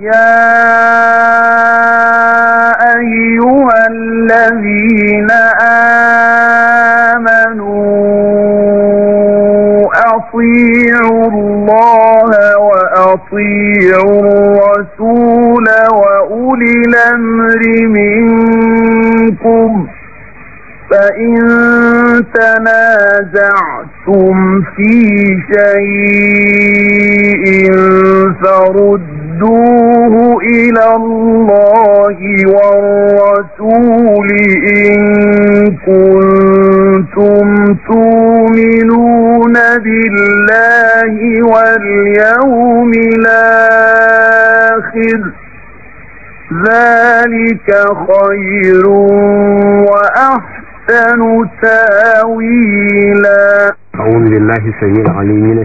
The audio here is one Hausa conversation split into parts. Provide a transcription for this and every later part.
يا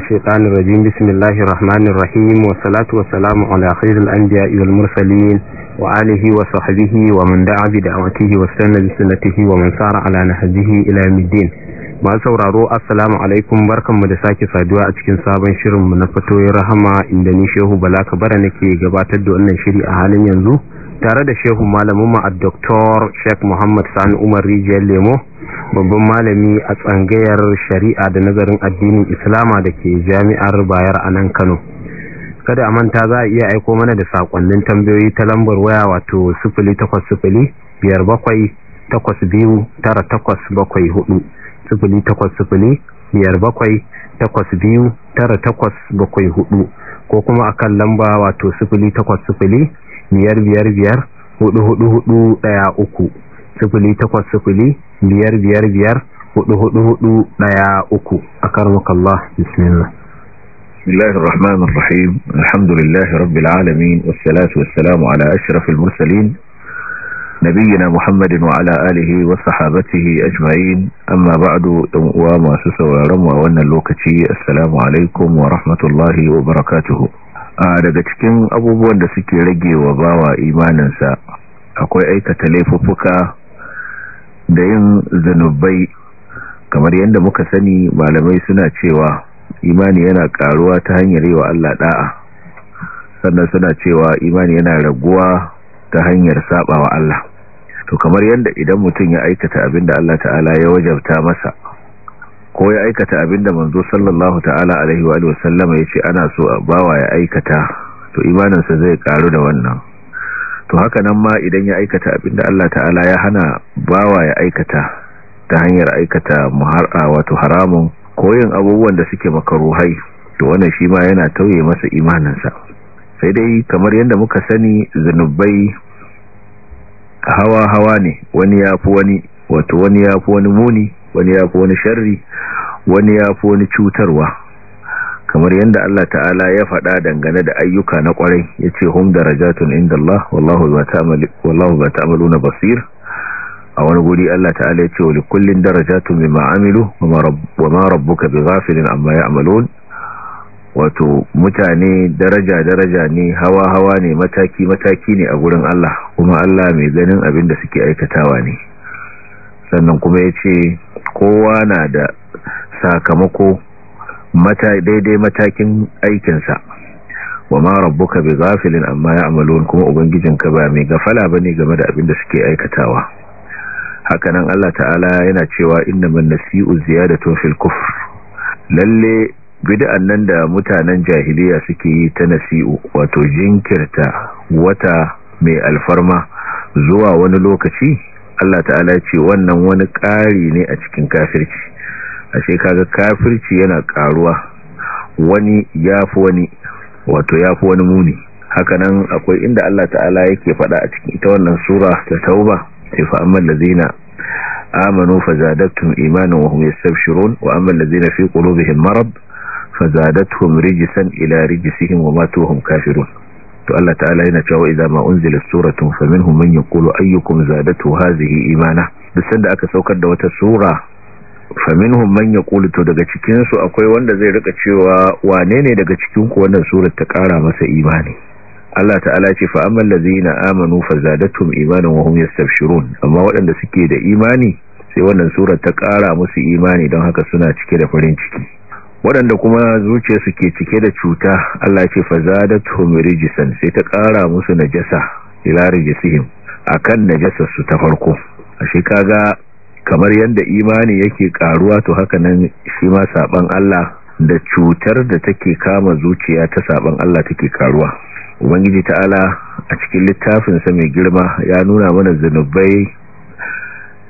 الشيطان الرجيم بسم الله الرحمن الرحيم والصلاة والسلام على خير الأنبياء والمرسلين وآله وصحبه ومن دعا بدعوته واستنى بسنته ومن سار على نهجه إلى الدين ما sauraro assalamu alaikum barkanmu da sake saduwa a cikin sabon shirinmu na fatoyin rahama inda ni shehu bala kabara nake gabatar da wannan shiri a halin yanzu tare da shehu malamin ma Dr. Sheikh Muhammad Sani Umar Rijiyar Lemo babban malami a tsangayar shari'a da nazarin addinin Islama da ke jami'ar Bayar a nan Kano. Kada a manta za a iya aiko mana da sakonnin tambayoyi ta lambar waya wato 0800 biyar bakwai takwas biyu tara takwas bakwai hudu takwas ko kuma akan lamba wato sifili takwas biyar biyar biyar hudu hudu hudu daya uku sifili takwas sifili biyar biyar biyar hudu hudu hudu daya uku a karnukallah bismillah بسم الله الرحمن الرحيم الحمد لله رب العالمين والصلاة والسلام على أشرف المرسلين نبينا محمد وعلى آله وصحابته أجمعين أما بعد وما سسوا رموا وأن اللوكتي السلام عليكم ورحمة الله وبركاته daga cikin abubuwan da suke rage wa bawa imaninsa akwai aikata laifuffuka da yin zanubai kamar yadda muka sani malamai suna cewa imani yana karuwa ta hanyar yi wa Allah da'a sannan suna cewa imani yana raguwa ta hanyar saba wa Allah to kamar yadda idan mutum ya aikata abin da Allah ta'ala ya wajabta masa ko ya aikata abinda manzo sallallahu ta'ala alaihi wa sallama yace ana so a bawa ya aikata to imaninsa zai karu da wannan to haka nan ma idan ya aikata abinda Allah ta'ala ya hana bawa ya aikata ta hanyar aikata muhara wato haramun yin abubuwan da suke makaruhai to wannan shi ma yana tauye masa imaninsa sai dai kamar yadda muka sani zanubai hawa hawa ne wani yafi wani wato wani yafi wani muni wani ya fi wani sharri wani ya fi wani cutarwa kamar yadda Allah ta'ala ya faɗa dangane da ayyuka na ƙwarai ya ce hum darajatun inda Allah wallahu ba ta'amalu na basir a wani guri Allah ta'ala ya ce wali kullum darajatun mai ma'amilu wa ma bi ghafilin amma ya amalon wato mutane daraja-daraja ne hawa-hawa ne mataki-mataki ne a gurin Allah kuma Allah mai ganin abin da suke aikatawa ne sannan kuma ya ce kowa na da sakamako daidai matakin aikinsa wa ma ka bai ghafilin amma ya ya'malun kuma ka ba mai gafala ba ne game da abin da suke aikatawa hakanan Allah ta'ala yana cewa innaman nasi'u ziyadatun tofil kufr lalle bid'an nan da mutanen jahiliya suke yi ta nasi'u wato jinkirta wata mai alfarma zuwa wani lokaci Allah ta'ala ce wannan wani ƙari ne a cikin kafirci ashe kaga kafirci yana ƙaruwa wani ya fi wani wato ya fi wani muni hakanan akwai inda Allah ta'ala yake faɗa a cikin ita wannan sura ta tauba sai fa amman lazina amanu fazadatum imanan wa hum yastabshirun wa amman lazina fi qulubihim marad rijsan ila rijsihim wa matuhum kafirun to Allah ta'ala yana cewa idza ma unzila suratun minhum man yaqulu ayyukum zadatu hadhihi imana duk sanda aka saukar da wata sura minhum man yaqulu to daga cikin su akwai wanda zai rika cewa wane ne daga cikin ku wannan surar ta kara masa imani Allah ta'ala ce fa amman ladzina amanu zadatuhum imanan wa hum yastabshirun amma waɗanda suke da imani sai wannan surar ta kara musu imani don haka suna cike da farin ciki waɗanda kuma zuciyarsu ke cike da cuta Allah ce fazadatuhum rijsan sai ta ƙara musu najasa ila rijsihim akan jasa su ta farko ashe kaga kamar yadda imani yake ƙaruwa to haka nan shi ma saban Allah da cutar da take kama zuciya ta saban Allah take karuwa ubangiji ta'ala a cikin littafinsa mai girma ya nuna mana zanubai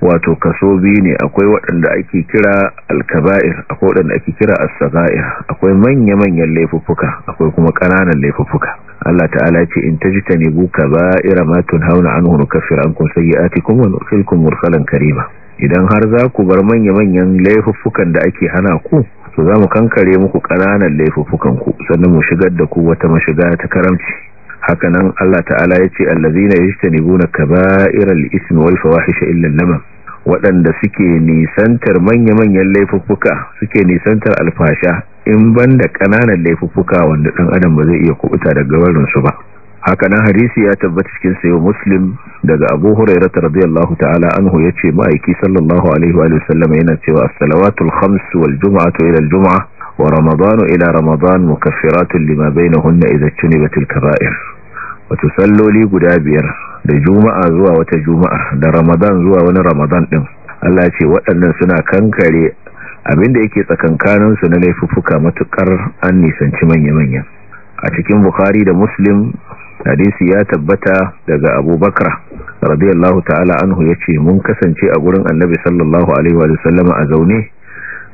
wato kaso biyu ne akwai waɗanda ake kira alkaba'ir akwai waɗanda ake kira asaba'ir akwai manya-manyan laifuffuka akwai kuma ƙananan laifuffuka Allah ta'ala ce in tajtanibu kaba'ira ma tunhauna an kun ankum sayyi'atikum wa nudkhilkum murkalan karima idan har za ku bar manya-manyan laifuffukan da ake hana ku to za mu kankare muku ƙananan laifuffukan ku sannan mu shigar da ku wata mashiga ta karamci hakanan Allah ta'ala ya ce allazina yajtanibuna kaba'iral ismi wal fawahisha illa al waɗanda suke nisantar manya-manyan laifuffuka suke nisantar alfasha in banda ƙananan laifuffuka wanda ɗan adam ba zai iya kubuta daga su ba hakanan hadisi ya tabbata cikin sayo muslim daga abu huraira radiyallahu ta'ala anhu ya ce ma'aiki sallallahu alaihi wa sallama yana cewa as-salawatul khams wal jum'atu ila al wa ramadanu ila ramadan mukaffiratun lima bainahunna idza tunibatil kaba'ir wato salloli guda biyar da juma'a zuwa wata juma'a da ramadan zuwa wani ramadan din Allah ce waɗannan suna kankare abinda yake tsakankaninsu na laifuffuka matukar an nisanci manya-manya a cikin bukari da muslim hadisi ya tabbata daga abubakar radiyallahu ta'ala anhu ya ce mun kasance a gurin annabi sallallahu alaihi wa sallama a zaune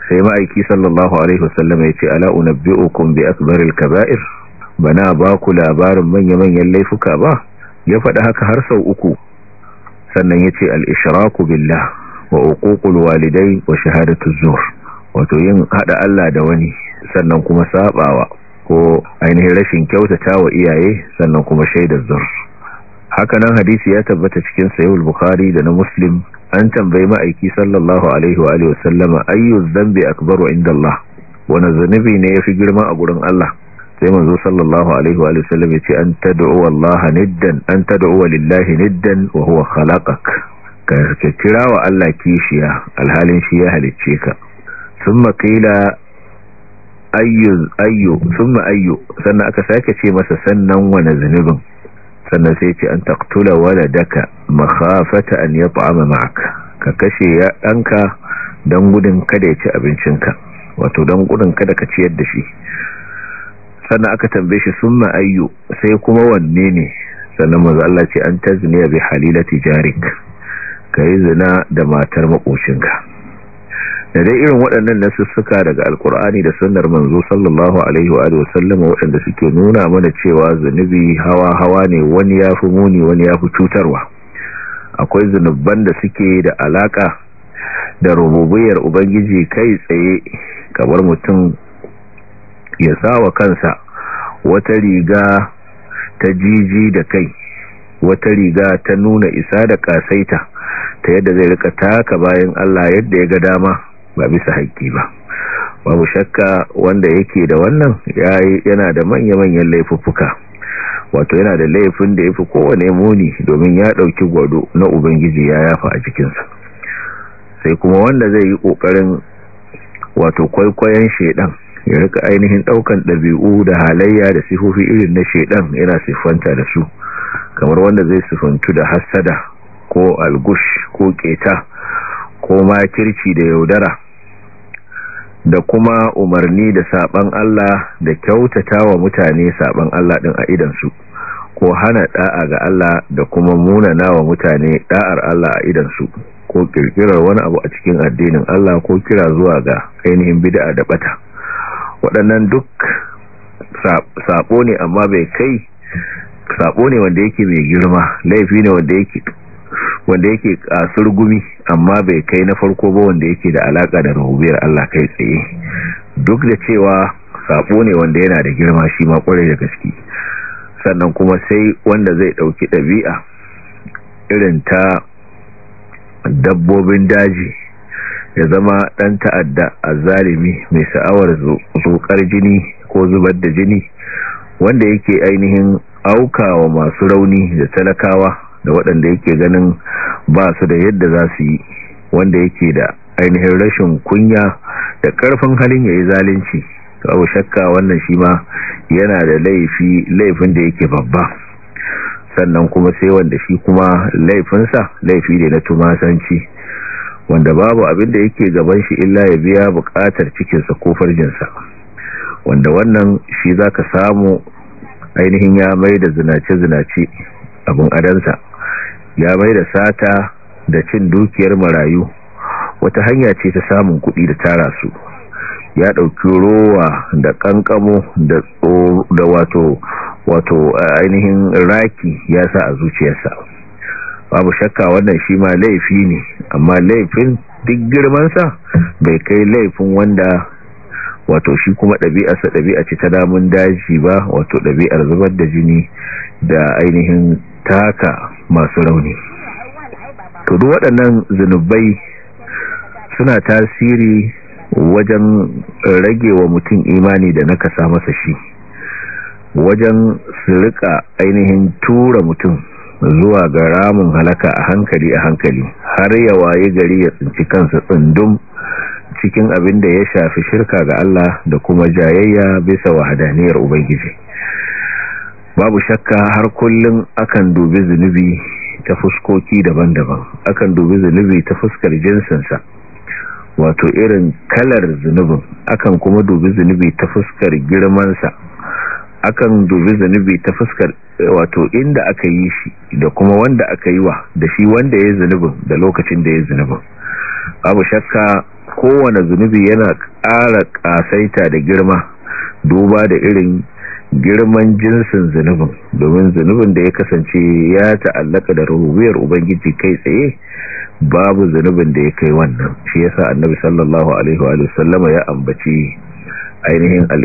sai ma'aiki sallallahu alaihi wa sallama ya ce ala unabbi'ukum bi akbaril kaba'ir bana ba ku labarin manya-manyan laifuka ba ya faɗi haka har sau uku sannan ya ce al'ishiraku billah wa uƙuƙul walidai wa shahadatun zuwa wato yin haɗa Allah da wani sannan kuma saɓawa ko ainihin rashin kyautata wa iyaye sannan kuma shaidar zuwa hakanan hadisi ya tabbata cikin sayul bukhari da na muslim an tambayi ma'aiki sallallahu alaihi wa sallama Ayyuz, ayyu dhanbi akbaru inda Allah wani zunubi ne yafi girma a gurin Allah sai manzo sallallahu alaihi wa sallam yace an tad'u wallahi niddan an tad'u lillahi niddan wa huwa khalaqak ka kira wa Allah kishiya alhalin shi ya halicce ka thumma qila ayyu ayyu thumma ayyu sannan aka sake ce masa sannan wani zunubin sannan sai ce an taqtula waladaka makhafata an yat'ama ma'aka ka kashe ya danka dan gudun kada ya ci ka wato dan gudun kada ka ciyar da shi sannan aka tambaye shi sunna ayyu sai kuma wanne ne sannan manzo Allah ce an tazniya bi halilati jarik kai zina da matar makocinka da dai irin waɗannan nasussuka daga alkur'ani da sunnar manzo sallallahu alaihi wa alihi wasallam waɗanda suke nuna mana cewa zunubi hawa hawa ne wani yafi muni wani yafi cutarwa akwai zunubban da suke da alaka da rububiyar ubangiji kai tsaye kamar mutum ya sawa kansa wata riga ta jiji da kai wata riga ta nuna isa da kasaita ta yadda zai rika taka bayan Allah yadda ya ga dama ba bisa haƙƙi ba babu shakka wanda yake da wannan yana da manya-manyan laifuffuka wato yana da laifin da ya fi kowane muni domin ya ɗauki gwado na ubangiji ya yafa a jikinsa sai kuma wanda zai yi ƙoƙarin wato kwaikwayon shaidan ya rika ainihin daukan dabi'u da halayya da sifofi irin na shedan yana sifanta da su kamar wanda zai sifantu da hasada ko algush ko keta ko ma makirci da yaudara da kuma umarni da saban Allah da kyautatawa mutane saban Allah din a idansu ko hana da'a ga Allah da kuma munana wa mutane da'ar Allah a idansu ko kirkirar wani abu a cikin addinin Allah ko kira zuwa ga ainihin bid'a da bata waɗannan duk saƙo ne amma bai kai saƙo ne wanda yake mai girma laifi ne wanda yake a surgumi gumi amma bai kai na farko ba wanda yake da alaƙa da rahobiyar Allah kai tsaye duk da cewa saƙo ne wanda yana da girma shi ma kwarai da gaske sannan kuma sai wanda zai ɗauki ɗabi'a irin ta dabbobin daji ya zama dan ta'adda a zalimi mai sha'awar zokar jini ko zubar da jini wanda yake ainihin auka wa masu rauni da talakawa da waɗanda yake ganin ba su da yadda za su yi wanda yake da ainihin rashin kunya da ƙarfin halin ya yi zalunci abu shakka wannan shi ma yana da laifi laifin da yake babba sannan kuma sai wanda shi kuma laifinsa laifi ne na tumasanci wanda babu abin da yake gaban shi illa ya biya bukatar cikinsa ko farjinsa wanda wannan shi za ka samu ainihin ya mai da zinace-zinace abin adansa ya mai da sata da cin dukiyar marayu wata hanya ce ta samun kuɗi da tara su ya ɗauki rowa da ƙanƙamo da wato wato ainihin raki ya sa a zuciyarsa babu shakka wannan shi ma laifi ne amma laifin duk girmansa bai kai laifin wanda wato shi kuma ɗabi'arsa ɗabi'a ce ta damun daji ba wato ɗabi'ar zubar da jini da ainihin taka masu rauni to waɗannan zunubai suna tasiri wajen rage wa mutum imani da na kasa masa shi wajen su rika ainihin tura mutum zuwa ga ramin halaka a hankali a hankali har ya waye gari ya tsinci kansa tsundum cikin abin da ya shafi shirka ga Allah da kuma jayayya bisa wahadaniyar ubangiji babu shakka har kullun akan dubi zunubi ta fuskoki daban-daban akan dubi zunubi ta fuskar jinsinsa wato irin kalar zunubin akan kuma dubi zunubi ta fuskar girmansa akan dubi zunubi ta fuskar eh, wato inda aka yi shi da kuma wanda aka yi wa da shi wanda ya yi zunubin da lokacin da ya yi zunubin abu shakka kowane zunubi yana ƙara ƙasaita da girma duba da irin girman jinsin zunubin domin zunubin da ya kasance ya ta'allaka da rububiyar ubangiji kai tsaye babu zunubin da ya kai wannan shi yasa annabi sallallahu alaihi wa sallama ya ambaci ainihin al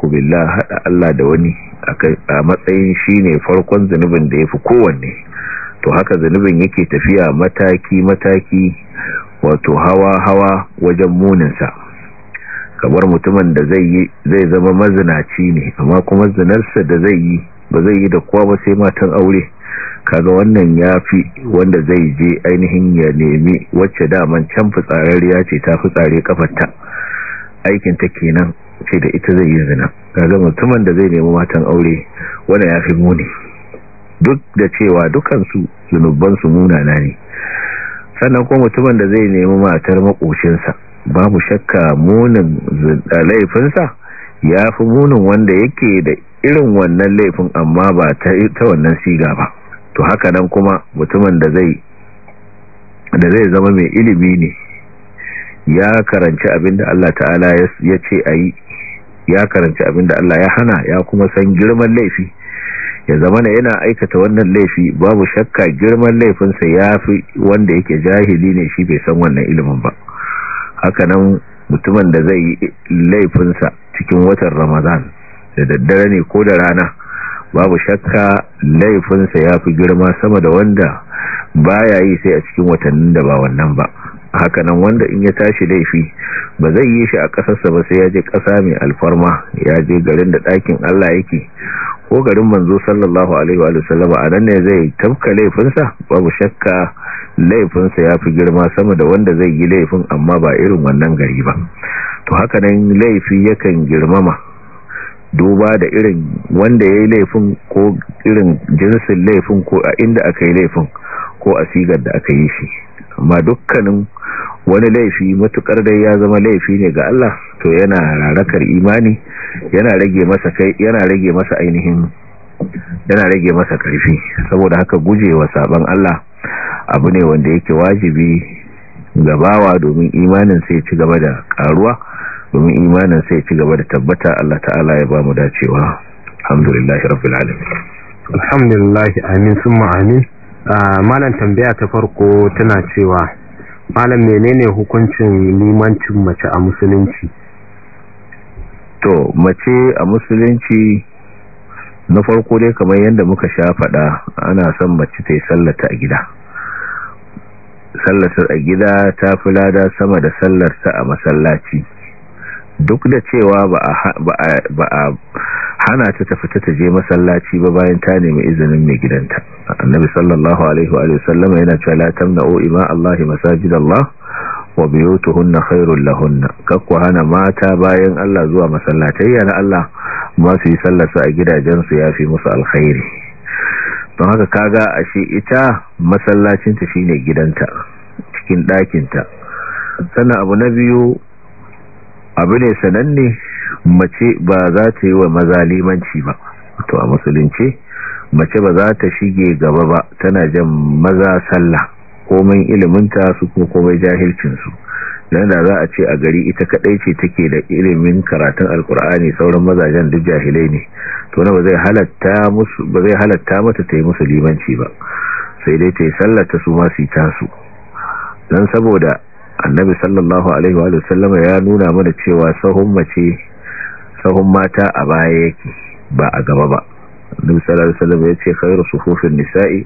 billah haɗa Allah da wani a matsayin shine farkon zunubin da ya fi kowanne to haka zunubin yake tafiya mataki mataki wato hawa hawa wajen muninsa kamar mutumin da zai zama mazinaci ne amma kuma zinarsa da zai yi ba zai yi da kowa ba sai matan aure kaga wannan ya fi wanda zai je ainihin ya nemi wacce daman can fitsararriya ce ta fitsare kafarta aikinta kenan ce da ita zai yi zina kaga mutumin da zai nemi matan aure wanda ya fi muni duk da cewa dukansu zunubansu munana ne sannan ko mutumin da zai nemi matar makocinsa babu shakka munin laifinsa ya fi munin wanda yake da irin wannan laifin amma ba ta wannan siga ba to haka nan kuma mutumin da zai zama mai ilimi ne ya karanci abinda Allah ta'ala ya ce a yi ya karanci abinda Allah ya hana ya kuma san girman laifi ya zamana yana aikata wannan laifi babu shakka girman laifinsa ya fi wanda yake jahili ne shi bai san wannan ilimin ba hakanan mutumin da zai yi laifinsa cikin watan ramadan da daddare ne ko da rana babu shakka laifinsa ya fi girma sama da wanda baya yi sai a cikin watannin da ba wannan ba hakanan wanda in ya tashi laifi ba zai yi shi a kasarsa ba sai ya je ƙasa mai alfarma ya je garin da ɗakin Allah yake ko garin manzo sallallahu alaihi wa sallama a nan ne zai tafka laifinsa babu shakka laifinsa ya fi girma sama da wanda zai yi laifin amma ba irin wannan gari ba to hakanan laifi yakan girmama duba da irin wanda ya yi laifin ko irin jinsin laifin ko a inda aka yi laifin ko a sigar da aka yi shi amma dukkanin wani laifi matukar dai ya zama laifi ne ga Allah to yana rarakar imani yana rage masa kai yana rage masa ainihin yana rage masa karfi saboda haka gujewa saban Allah abu ne wanda yake wajibi gabawa domin imanin sai ci gaba da karuwa domin imanin sai ci gaba da tabbata Allah ta'ala ya ba mu dacewa alhamdulillahi rabbil alamin alhamdulillah amin summa amin Ah, malam tambaya ta farko tana cewa malam menene hukuncin limancin mace a musulunci to mace a musulunci na farko dai kamar yadda muka sha faɗa ana son mace ta yi sallata a gida sallatar a gida ta fi lada sama da sallarta a masallaci duk da cewa ba a hana ta tafi ta je masallaci ba bayan ta nemi izinin mai gidanta annabi sallallahu alaihi wa sallama yana cewa la tamna'u ima Allah masajidallah wa biyutuhunna khairul lahunna kakku hana mata bayan Allah zuwa masallatai yana Allah ma su yi sallar a gidajen su yafi musu alkhairi don haka kaga shi ita masallacin ta shine gidanta cikin ɗakinta sannan abu na biyu abu ne sananne mace ba za ta yi wa maza limanci ba to a musulunci mace ba za ta shige gaba ba tana jan maza sallah komai iliminta su kuma komai jahilcinsu don da za a ce a gari ita kadai ce take da ilimin karatun alkur'ani sauran mazajen duk jahilai ne to na ba zai halatta mata ta yi musu limanci ba sai dai ta yi sallata su masu tasu don saboda annabi sallallahu alaihi wa sallam ya nuna mana cewa sahun mace sahun mata a baya yake ba a gaba ba annabi sallallahu alaihi wa sallam ya ce khairu sufufin nisa'i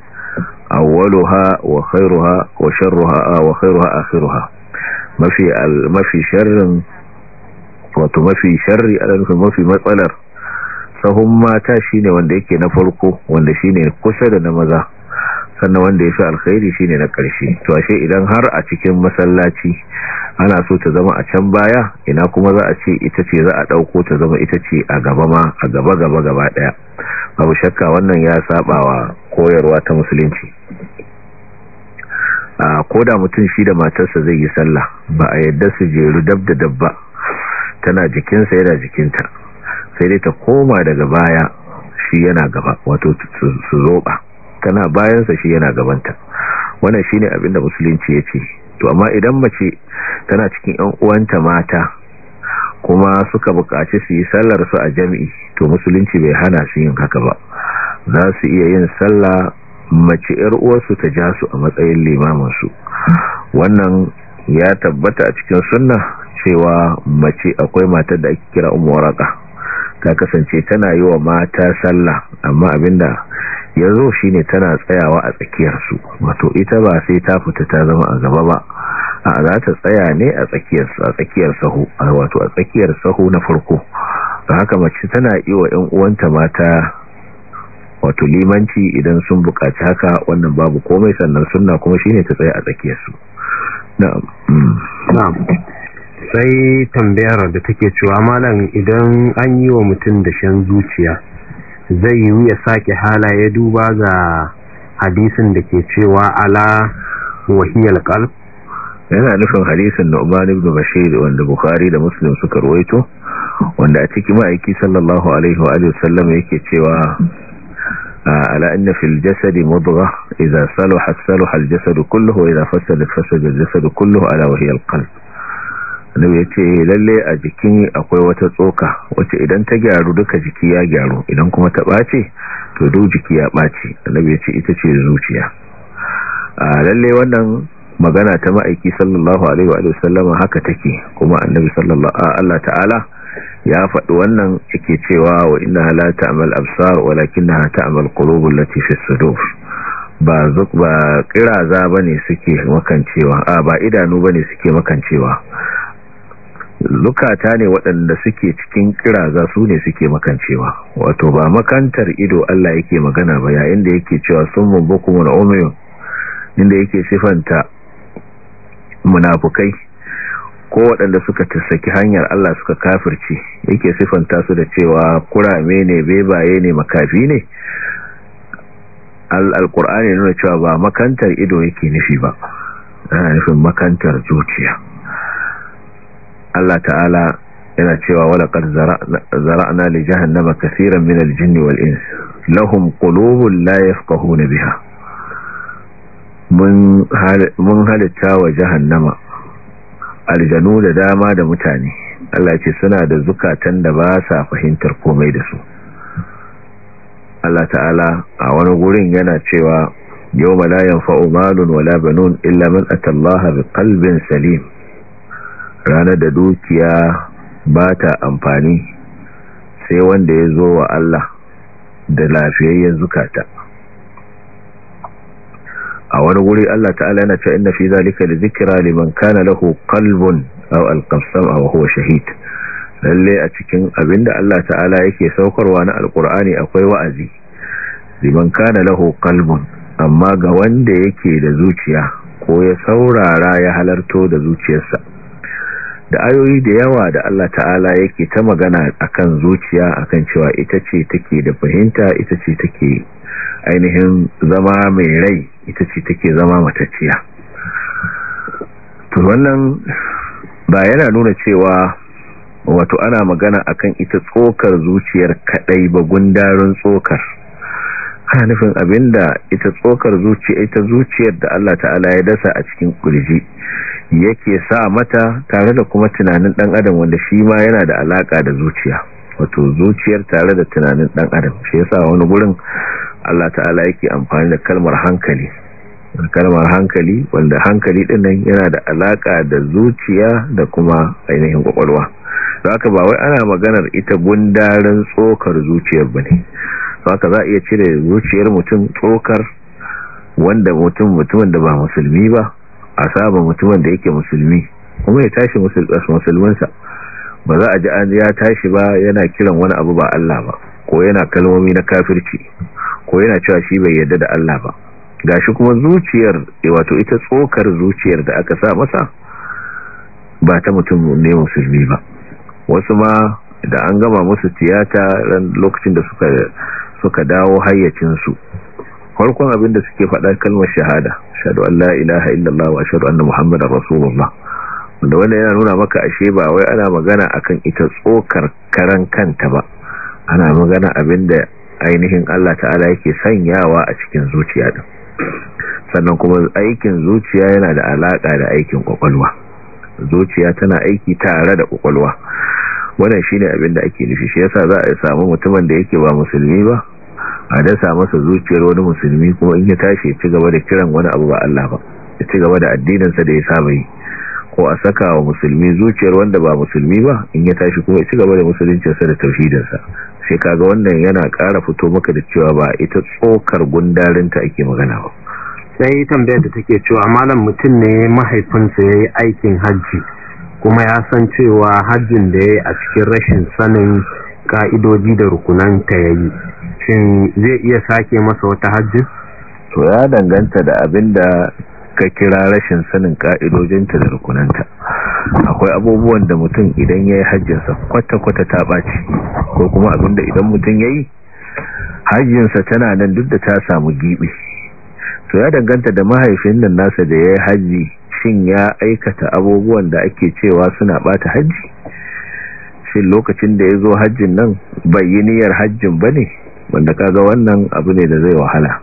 awwaluha wa khairuha wa sharruha wa khairuha akhiruha mafi al mafi sharrin wato mafi sharri alanfin mafi matsalar sahun mata shine wanda yake na farko wanda shine kusa da na maza sannan wanda ya fi alkhairi shine na ƙarshe to ashe idan har a cikin masallaci ana so ta zama a can baya ina kuma za a ce ita ce za a ɗauko ta zama ita ce a gaba ma a gaba gaba gaba ɗaya babu shakka wannan ya sabawa koyarwa ta musulunci a koda mutum shi da matarsa zai yi sallah ba a yadda su jeru dab da dabba tana jikinsa yana jikinta sai dai ta koma daga baya shi yana gaba wato su zoba tana sa shi yana gabanta wannan shine abinda musulunci ya ce to amma idan mace tana cikin yan uwanta mata kuma suka buƙaci su yi sallar su a jami'i to musulunci bai hana su yin haka ba za su iya yin sallah mace yar uwarsu ta ja su a matsayin limamin su wannan ya tabbata a cikin sunna cewa mace akwai matar da ake kira ummu waraka ta kasance tana yi wa mata sallah amma abinda ya zo shi ne tana tsayawa a tsakiyarsu wato ita ba sai ta fita ta zama a gaba ba a za ta tsaya ne a a tsakiyar sahu wato a tsakiyar sahu na farko ba haka mace tana yi wa 'yan uwanta mata wato limanci idan sun buƙaci haka wannan babu komai sannan suna kuma shine ta tsaya a tsakiyarsu na'am mm. sai tambayar da take cewa malam idan an yi wa mutum da shan zuciya zai yi ya sake ya duba ga hadisin da ke cewa ala wahiyar kalb yana nufin hadisin da umarni da bashir wanda bukari da muslim suka ruwaito wanda a ciki ma'aiki sallallahu alaihi wa sallam yake cewa على أن في الجسد مضغة إذا صلح الصلح الجسد كله وإذا فسد فسد الجسد كله على وهي القلب annabi ya ce lalle a jiki akwai wata tsoka wacce idan ta gyaru duka jiki ya gyaru idan kuma ta ɓace to duk jiki ya ɓace annabi ya ce ita ce zuciya a lalle wannan magana ta ma'aiki sallallahu alaihi wa sallama haka take kuma annabi sallallahu Allah ta'ala ya faɗi wannan yake cewa wa inna la ta'mal absar walakinnaha ta'mal qulub allati fi sudur ba zuk ba kiraza bane suke makancewa a ba idanu bane suke makancewa lukata ne waɗanda suke cikin ƙiraza su ne suke makancewa wato ba makantar ido Allah yake magana ba yayin da yake cewa sun kuma na umiyun inda yake sifanta munafukai ko waɗanda suka tasaki hanyar Allah suka kafirci yake sifanta su da cewa kurame ne bebaye ne makafi ne al nuna cewa ba makantar ido yake nufi ba ana nufin makantar zuciya Allah ta'ala yana cewa wala qad zara'na li jahannama kaseeran min al-jinni wal ins lahum qulubun la yafqahuna biha mun mun halitta wa jahannama aljanu da dama da mutane Allah ce suna da zukatan da ba sa fahimtar komai da su Allah ta'ala a wani gurin yana cewa yawma la yanfa'u malun wala banun illa man atallaha biqalbin salim ranar da dukiya ba ta amfani sai wanda ya zo wa Allah da lafiyayyen zukata a wani wuri Allah ta'ala yana ce inna fi zalika da zikira liman kana lahu qalbun aw alqasam aw huwa shahid lalle a cikin abinda Allah ta'ala yake saukarwa na alqur'ani akwai wa'azi liman kana lahu qalbun amma ga wanda yake da zuciya ko ya saurara ya halarto da zuciyarsa da ayoyi da yawa da Allah ta'ala yake ta magana akan zuciya akan cewa ita ce take da fahimta ita ce take ainihin zama mai rai ita ce take zama matacciya to wannan ba yana nuna cewa wato ana magana akan ita tsokar zuciyar kadai ba gundarin tsokar hanifin nufin abinda ita tsokar zuciya ita zuciyar da Allah ta'ala ya dasa a cikin kurji yake sa mata tare da kuma tunanin dan adam wanda shi ma yana da alaka da zuciya wato zuciyar tare da tunanin dan adam shi yasa wani gurin Allah ta'ala yake amfani da kalmar hankali kalmar hankali wanda hankali din nan yana da alaka da zuciya da kuma ainihin kwakwalwa haka ba wai ana maganar ita gundarin tsokar zuciyar bane don haka za a iya cire zuciyar mutum tsokar wanda mutum mutumin da ba musulmi ba a saba mutumin da yake musulmi kuma ya tashi musulmansa ba za a ji an ya tashi ba yana kiran wani abu ba Allah ba ko yana kalmomi na kafirci ko yana cewa shi bai yarda da Allah ba gashi kuma zuciyar wato ita tsokar zuciyar da aka sa masa ba ta mutum ne musulmi ba wasu ma da an gama musu tiyata ran lokacin da suka suka dawo hayyacinsu farkon abinda suke faɗa kalmar shahada shahadu an la illallah wa ashhadu anna muhammadar rasulullah wanda yana nuna maka ashe ba wai ana magana a kan ita tsokar karan kanta ba ana magana abin da ainihin Allah ta'ala yake sanyawa a cikin zuciya din sannan kuma aikin zuciya yana da alaƙa da aikin ƙwaƙwalwa, zuciya tana aiki tare da ƙwaƙwalwa. wannan shine abin da ake nufi shi yasa za a samu mutumin da yake ba musulmi ba a dasa masa zuciyar wani musulmi kuma in ya tashi ya ci gaba da kiran wani abu ba Allah ba ya ci gaba da addininsa da ya saba yi ko a saka wa musulmi zuciyar wanda ba musulmi ba in ya tashi kuma ya ci gaba da musuluncinsa da tauhidinsa sai kaga wannan yana ƙara fito maka da cewa ba ita tsokar gundarinta ake magana ba sai tambayar da take cewa malam mutum ne mahaifinsa ya yi aikin hajji kuma ya san cewa hajjin da ya yi a cikin rashin sanin ka'idoji da rukunanta ya yi shin zai iya sake masa wata hajji to ya danganta da abinda ka kira rashin sanin ka'idojinta da rukunanta akwai abubuwan da mutum idan ya yi hajjinsa kwata-kwata ta ɓaci ko kuma abinda idan mutum ya yi hajjinsa tana nan duk da ta samu giɓi to ya danganta da mahaifin nan nasa da ya yi hajji shin ya aikata abubuwan da ake cewa suna ɓata hajji shin lokacin da ya zo hajjin nan bai yi niyyar hajjin ba ne wanda kaga wannan abu ne da zai wahala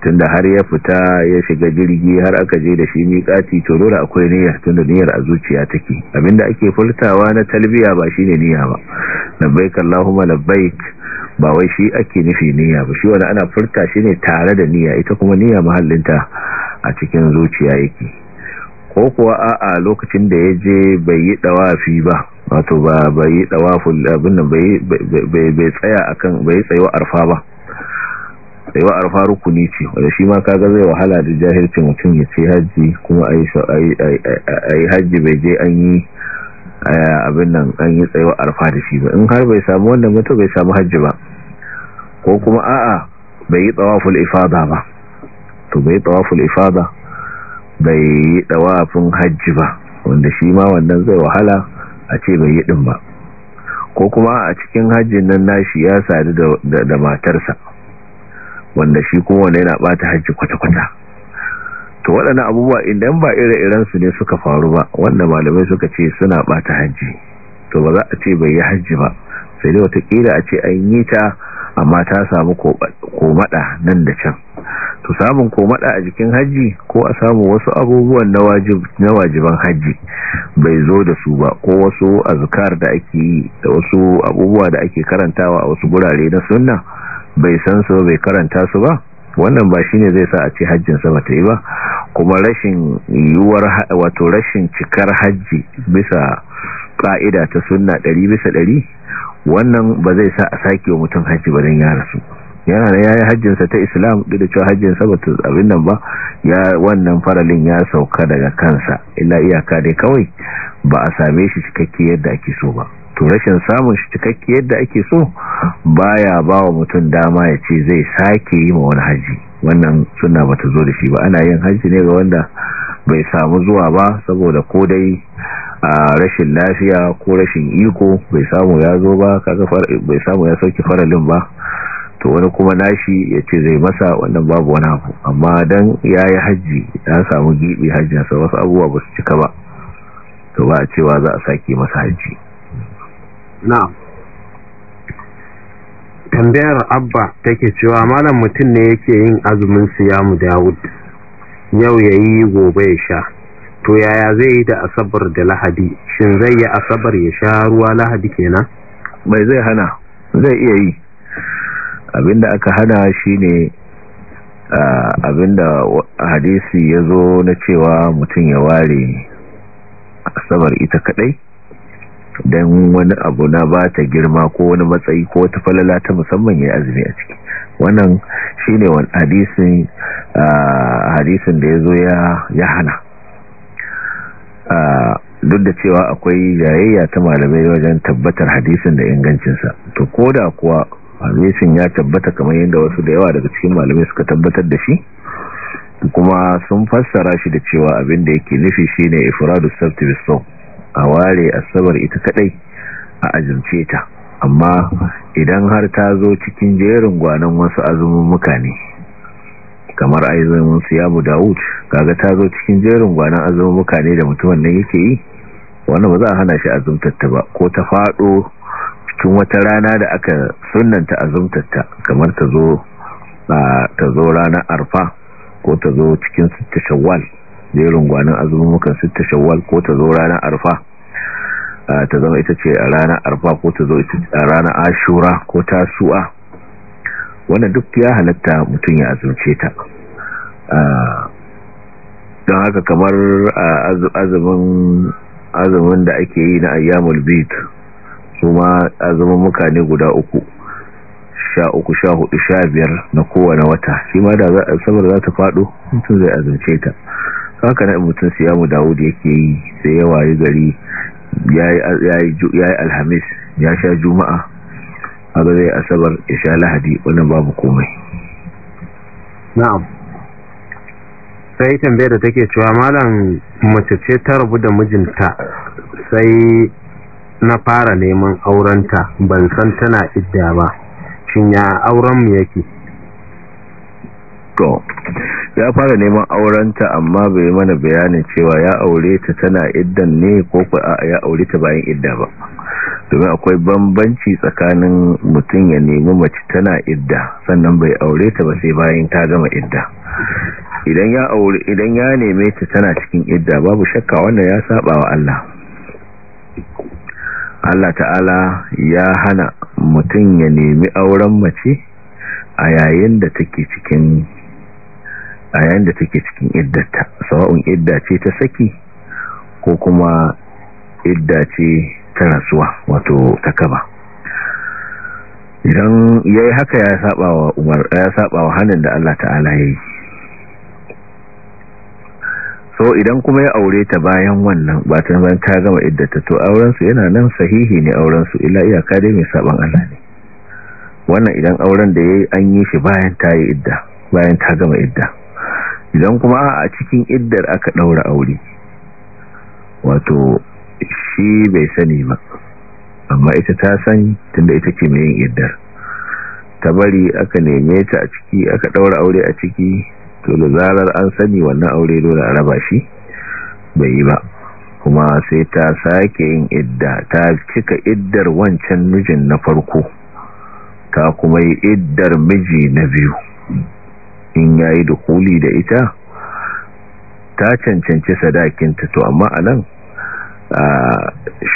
tunda har ya fita ya shiga jirgi har aka je da shi miƙati to dole akwai niyyar tunda niyyar a zuciya take abinda ake furtawa na talbiya ba shine niyya ba labbaik allahumma labbaik ba wai shi ake nufi niyya ba shi wani ana furta shine tare da niyya ita kuma niyya mahallinta a cikin zuciya yake ko kuwa a'a lokacin da ya je bai yi dawafi ba wato ba bai yi dawaful abin nan bai bai tsaya akan bai tsayawa arfa ba tsayawa arfa rukuni ce wanda shi ma kaga zai wahala da jahilcin mutum ya ce haji kuma ai ai haji bai je an yi abin nan an yi tsayawa arfa da shi ba in har bai samu wannan mutum bai samu haji ba ko kuma a'a bai yi tsawaful ifada ba to bai yi ifada bai yi dawafin hajji ba wanda shi ma wannan zai wahala a ce bai yi din ba ko kuma a cikin hajjin nan nashi ya sadu da matarsa wanda shi kowane yana bata hajji kwata-kwata to waɗannan abubuwa idan ba ire su ne suka faru ba wanda malamai suka ce suna bata hajji to ba za a ce bai yi hajji ba sai dai watakila a ce an yi ta amma ta samu komada nan da can to samun komada a jikin hajji ko a samu wasu abubuwan na wajiban hajji bai zo da su ba ko wasu azkar da ake yi da wasu abubuwa da ake karantawa a wasu gurare na sunna bai san su bai karanta su ba wannan ba shine zai sa a ce hajjin sama ta yi ba kuma rashin yiwuwar wato rashin cikar hajji bisa ka'ida ta sunna ɗari bisa ɗari wannan ba zai sa a sake wa mutum hajji ba don ya rasu yana da yi hajjinsa ta islam duk da cewa hajjinsa ba ta abin nan ba ya wannan faralin ya sauka daga kansa illa iyaka dai kawai ba a same shi cikakke yadda ake so ba to rashin samun shi cikakke yadda ake so baya ba wa mutum dama ya ce zai sake yi ma wani haji wannan suna ba ta zo da shi ba ana yin haji ne ga wanda bai samu zuwa ba saboda ko dai a rashin lafiya ko rashin iko bai samu ya zo ba kaga bai samu ya sauki faralin ba to wani kuma nashi ya ce zai masa wannan babu wani abu amma don ya yi hajji ya samu gibi hajjinsa wasu abubuwa ba su cika ba to ba a cewa za a sake masa hajji na'am tambayar abba take cewa malam mutum ne yake yin azumin siyamu dawud yau ya yi gobe ya sha to yaya zai yi da asabar da lahadi shin zai yi asabar ya sha ruwa lahadi kenan bai zai hana zai iya yi abinda aka hana shine abinda hadisi ya zo na cewa mutum ya ware asabar ita kadai don wani abu na ba ta girma ko wani matsayi ko wata falala ta musamman ya azumi a ciki wannan shine wani hadisin da ya ya ya hana duk da cewa akwai jayayya ta malamai wajen tabbatar hadisin da ingancinsa to ko da kuwa hadisin ya tabbata kamar yadda wasu da yawa daga cikin malamai suka tabbatar da shi kuma sun fassara shi da cewa abinda da yake nufi shine ifradu sabti bisaw a ware asabar ita kadai a ajince ta amma idan har ta zo cikin jerin gwanon wasu azumin ne kamar azumin siyamu dawud kaga ta zo cikin jerin gwanon azumin ne da mutumin nan yake yi wannan ba za a hana shi azumtatta ba ko ta fado cikin wata rana da aka sunnanta azumtatta kamar ta zo ta zo ranar arfa ko ta zo cikin sitta shawwal jerin gwanon azumin sitta shawwal ko ta zo ranar arfa ta zama ita ce a ranar arfa ko ta zo a ranar ashura ko su'a wannan duk ya halatta mutum ya azumce ta don haka kamar azumin da ake yi na ayyamul bid su ma azumin mukane guda uku sha uku sha hudu sha biyar na kowane wata shi ma da saboda za ta fado mutum zai azumce ta haka na mutum siyamu dawud yake yi sai ya wayi gari ya yi alhamis ya sha juma'a a ga zai asabar ya sha lahadi wannan babu komai na'am sai tambayar da take cewa malam mace ce ta rabu da mijinta sai na fara neman aurenta ban san tana idda ba shin ya auren mu yake to ya fara neman aurenta amma bai mana bayanin cewa ya aure ta tana iddan ne ko a ya aure ta bayan idda ba domin akwai bambanci tsakanin mutum ya nemi mace tana idda sannan bai aure ta ba sai bayan ta gama idda idan ya aure idan ya neme ta tana cikin idda babu shakka wannan ya saba wa Allah Allah ta'ala ya hana mutum ya nemi auren mace a yayin da take cikin a yayin da take cikin iddarta sawa'un idda ce ta saki ko kuma idda ce ta rasuwa wato ta kaba idan haka ya yi haka ya saba wa hannun da Allah ta'ala ya yi. so idan kuma ya aure ta bayan wannan ba ta bayan ta gama iddata to aurensu yana nan sahihi ne aurensu, ila illa iyaka dai mai saban Allah ne wannan idan auren da ya yi an yi shi bayan ta yi idda bayan ta gama idda idan kuma a cikin iddar aka ɗaura aure wato shi bai sani ba amma ita ta san tunda ita ce mai yin iddar ta bari aka neme ta a ciki aka ɗaura aure a ciki to da zarar an sani wannan aure dole a raba shi bai yi ba kuma sai ta sake yin idda ta cika iddar wancan mijin na farko ta kuma yi iddar miji na biyu in yayi dukuli da ita ta cancanci sadakinta to amma a nan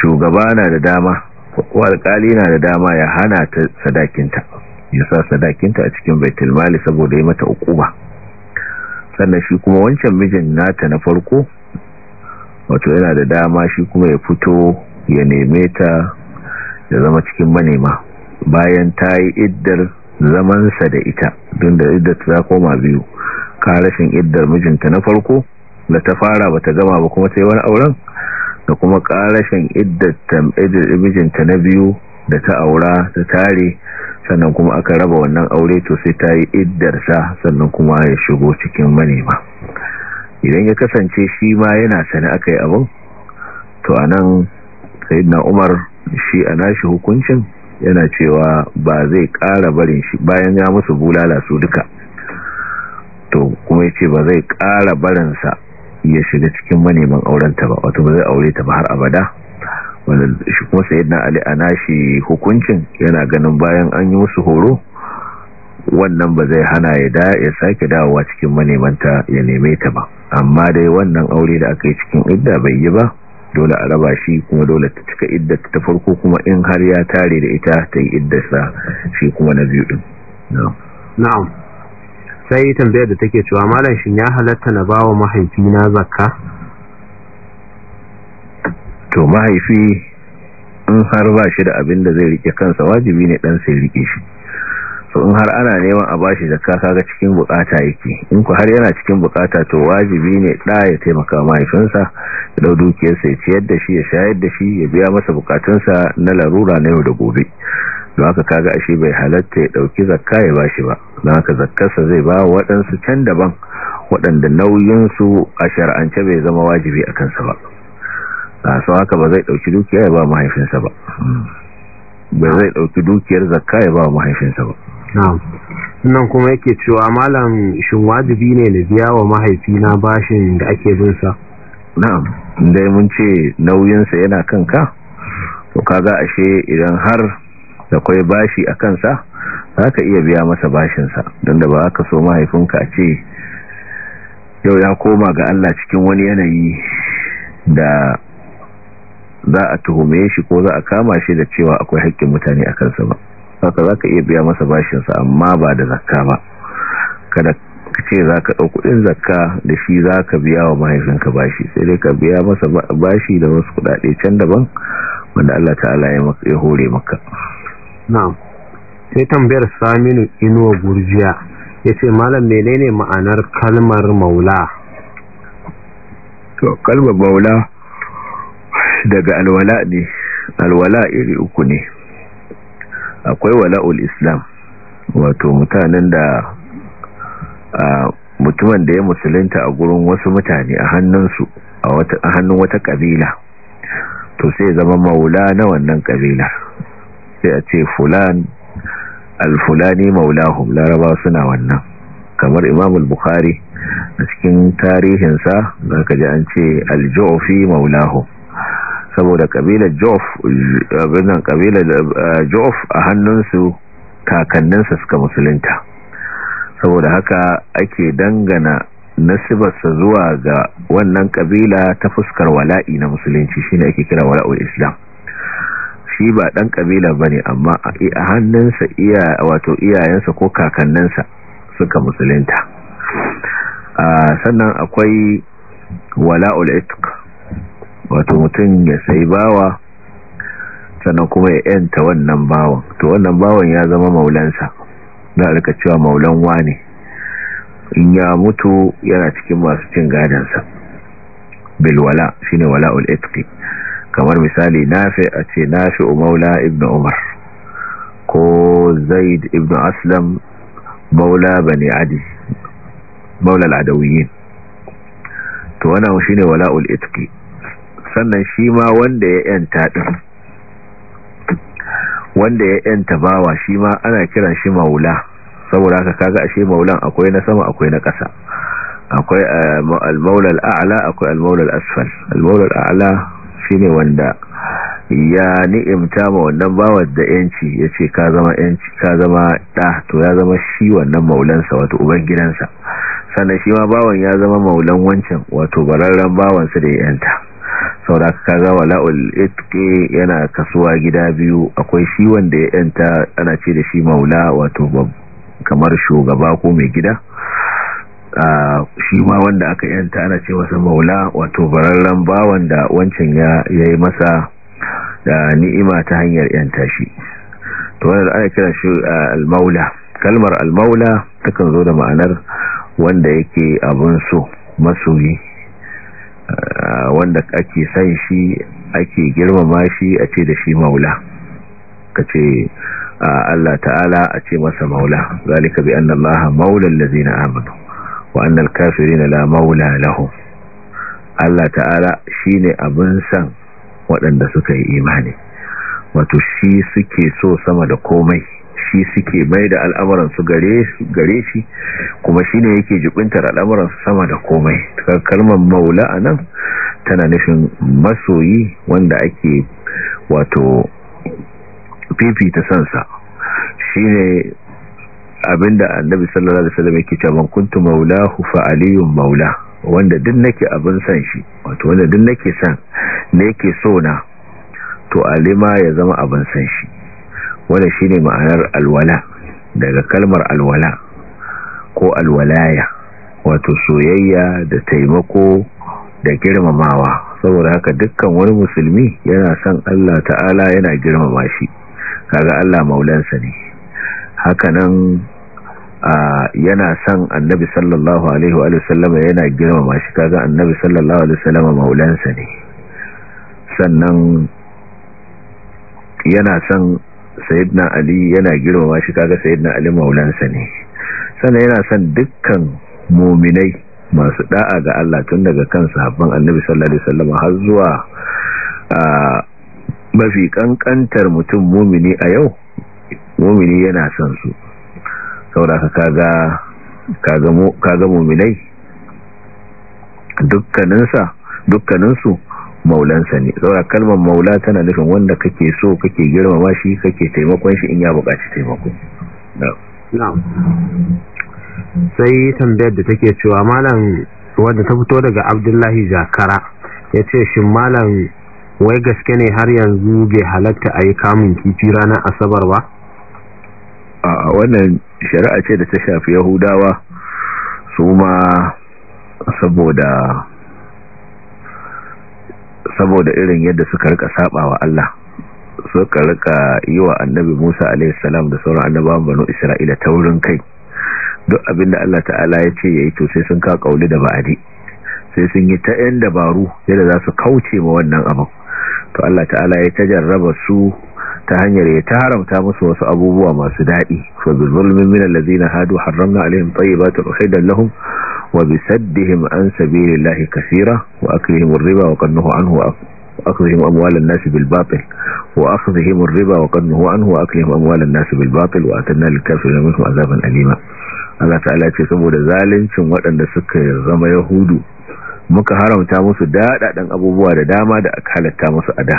shugaba na da dama ko alkali na da dama ya hana ta sadakinta ya sa sadakinta a cikin baitul mali saboda ya mata ukuba sannan shi kuma wancan mijin nata na farko wato yana da dama shi kuma ya fito ya neme ta ya zama cikin manema bayan ta yi iddar zamansa da ita don da idda ta koma biyu ka rashin iddar mijinta na farko da ta fara ba ta gama ba kuma sai wani auren da kuma karashin iddar mijinta na biyu da ta aura ta tare sannan kuma aka raba wannan aure to sai ta yi iddarsa sannan kuma ya shigo cikin manema idan ya kasance shi ma yana sane aka yi abin to anan nan na umar shi a nashi hukuncin yana cewa ba zai ƙara barin shi bayan ya musu bulala su duka to kuma yace ba zai ƙara barinsa ya shiga cikin maneman aurenta ba wato ba zai aure ta ba har abada wanda shi kuma na ali ana shi hukuncin yana ganin bayan an yi musu horo wannan ba zai hana ya da ya sake dawowa cikin manemanta ya neme ta ba amma dai wannan aure da aka yi cikin idda bai yi ba dole a raba shi kuma dole ta cika idda ta farko kuma in har ya tare da ita ta yi iddarsa shi kuma na biyu din na'am sai tambayar da take cewa malam shin ya halatta na bawa mahaifi na zakka to mahaifi in har ba shi da abin da zai rike kansa wajibi ne dan sai rike shi so in har ana neman a bashi kaka ga cikin bukata yake in ku har yana cikin bukata to wajibi ne da ya taimaka mahaifinsa da dau dukiyarsa ya ciyar da shi ya shayar da shi ya biya masa bukatunsa na larura na yau da gobe don haka kaga ashe bai halatta ya dauki zakka ya bashi ba don haka zakkarsa zai ba waɗansu can daban waɗanda nauyinsu a shar'ance bai zama wajibi a kansa ba a sau haka ba zai ɗauki dukiya ya ba mahaifinsa ba hmm. ba zai ɗauki dukiyar zakka ya ba mahaifinsa ba na'am nan kuma yake cewa malam shin wajibi ne na biya wa mahaifina bashin da ake bin sa na'am dai mun ce nauyin sa yana kanka to kaga ashe idan har da kwai bashi a kansa za ka iya biya masa bashinsa don da ba ka so mahaifinka a ce yau ya koma ga Allah cikin wani yanayi da za a tuhume shi ko za a kama shi da cewa akwai haƙƙin mutane a kansa ba haka za ka iya biya masa bashinsa amma ba da zakka ba kada ka ce za ka zakka da shi za ka biya wa mahaifinka bashi sai dai ka biya masa bashi da wasu kuɗaɗe can daban wanda Allah ta'ala ya hore maka na'am sai tambayar saminu inuwa gurjiya ya ce malam menene ma'anar kalmar maula to kalmar maula daga alwala ne alwala iri uku ne akwai wala'ul islam wato mutanen da mutumin da ya musulunta a gurin wasu mutane a hannunsu a hannun wata kabila to sai zama maula na wannan kabila sai a ce fulan alfulani maulahum laraba suna wannan kamar imam bukhari a cikin tarihinsa za ka ji an ce aljofi maulahum saboda kabilar jof abinan kabilar eh, jof a hannunsu kakanninsa suka musulunta saboda haka ake dangana nasibarsa zuwa ga wannan kabila ta fuskar wala'i na musulunci shine ake kira wala'ul islam shi ba dan kabila bane amma a hannunsa iya wato iyayensa ko kakanninsa suka musulunta ah, sannan akwai wala'ul itq wato mutum ya sai bawa sannan kuma ya yanta wannan bawan to wannan bawan ya zama maulansa na alka cewa maulan wane in ya mutu yana cikin masu cin gadansa bilwala shine wala'ul itqi kamar misali nafi a ce nafi maula ibn umar ko zaid ibn aslam maula bane adi maula al'adawiyin to wannan shine wala'ul itqi sannan shi ma wanda ya yanta din wanda ya yanta bawa shi ma ana kiran shi maula saboda haka kaga ashe maulan akwai na sama akwai na ƙasa akwai eh, al-maula ala akwai al asfal al-maula al-a'la shine wanda ya ni'imta ma wannan bawa da yanci yace ka zama yanci ka zama da to ya zama shi wannan maulansa wato uban gidansa sannan shi ma bawan ya zama maulan wancan wato bararren bawansa da ya yanta saboda kaga wala'ul itqi yana kasuwa gida biyu akwai shi wanda ya yanta ana ce da shi maula wato kamar shugaba ko mai gida shi ma wanda aka yanta ana ce wasu maula wato bararren ba da wancan ya yi masa da ni'ima ta hanyar yanta shi to wanda ana kira shi al-maula kalmar al-maula takan zo da ma'anar wanda yake abin so masoyi wanda ake san shi ake girmama shi a ce da shi maula ka ce Allah ta'ala a ce masa maula zalika bi anna Allah Maulal allazina amanu wa anna al-kafirina la maula lahum Allah ta'ala shine abin san waɗanda suka yi imani wato shi suke so sama da komai shi suke mai da al'amuransu gare shi kuma shi ne yake al'amuran al'amuransu sama da komai kalmar maula a nan tana nufin masoyi wanda ake wato fifita sansa shi ne abinda annabi sallallahu alaihi wasallam yake cewa kuntu kuntu hu fa aliyun maula wanda duk nake abin san shi wato wanda duk nake san ne yake so na to alima ya zama abin san shi shi ne ma'anar alwala daga kalmar alwala ko alwalaya wato soyayya da taimako da girmamawa saboda haka dukkan wani musulmi yana son Allah ta'ala yana girmama shi kaga Allah maulansa ne hakanan yana son annabi sallallahu alaihi wa sallama yana girmama shi kaga annabi sallallahu alaihi wa sallama maulansa ne sannan yana son sayyidina ali yana girmama shi kaga sayyidina ali maulansa ne sannan yana son dukkan muminai masu da'a ga Allah tun daga kan sahabban annabi sallallahu alaihi wasallam har zuwa mafi kankantar mutum mumini a yau mumini yana son su saboda kaga kaga kaga muminai dukkaninsa dukkaninsu maulansa ne saboda kalmar maula tana nufin wanda kake so kake girmama shi kake taimakon shi in ya buƙaci taimako sai tambayar da take cewa malam wanda ta fito daga abdullahi jakara ya ce shi malam wai gaske ne har yanzu bai halatta a yi kamun kifi ranar asabar ba a wannan shari'a ce da ta shafi yahudawa su ma saboda saboda irin yadda suka rika sabawa Allah suka rika yi wa annabi Musa alaihi salam da sauran annabawan banu Isra'ila taurin kai duk abinda Allah ta'ala ya ce yayi to sai sun ka kauli da ba'adi sai sun yi ta yan dabaru yadda za su kauce ma wannan abin to Allah ta'ala ya tajarraba su ta hanyar ya ta musu wasu abubuwa masu daɗi fa bi zulmin min allazina hadu harramna alaihim tayyibatin uhidda lahum wa bi saddihim an sabilillahi kaseera wa aklihim ar-riba wa qannahu anhu wa أخذهم أموال الناس بالباطل وأخذهم الربا وقد نهوا عنه وأكلهم أموال الناس بالباطل وأتنا للكافرين منهم عذابا أليما Allah ta'ala ce saboda zalincin waɗanda suka zama Yahudu muka haramta musu daɗaɗɗen abubuwa da dama da aka halatta musu a da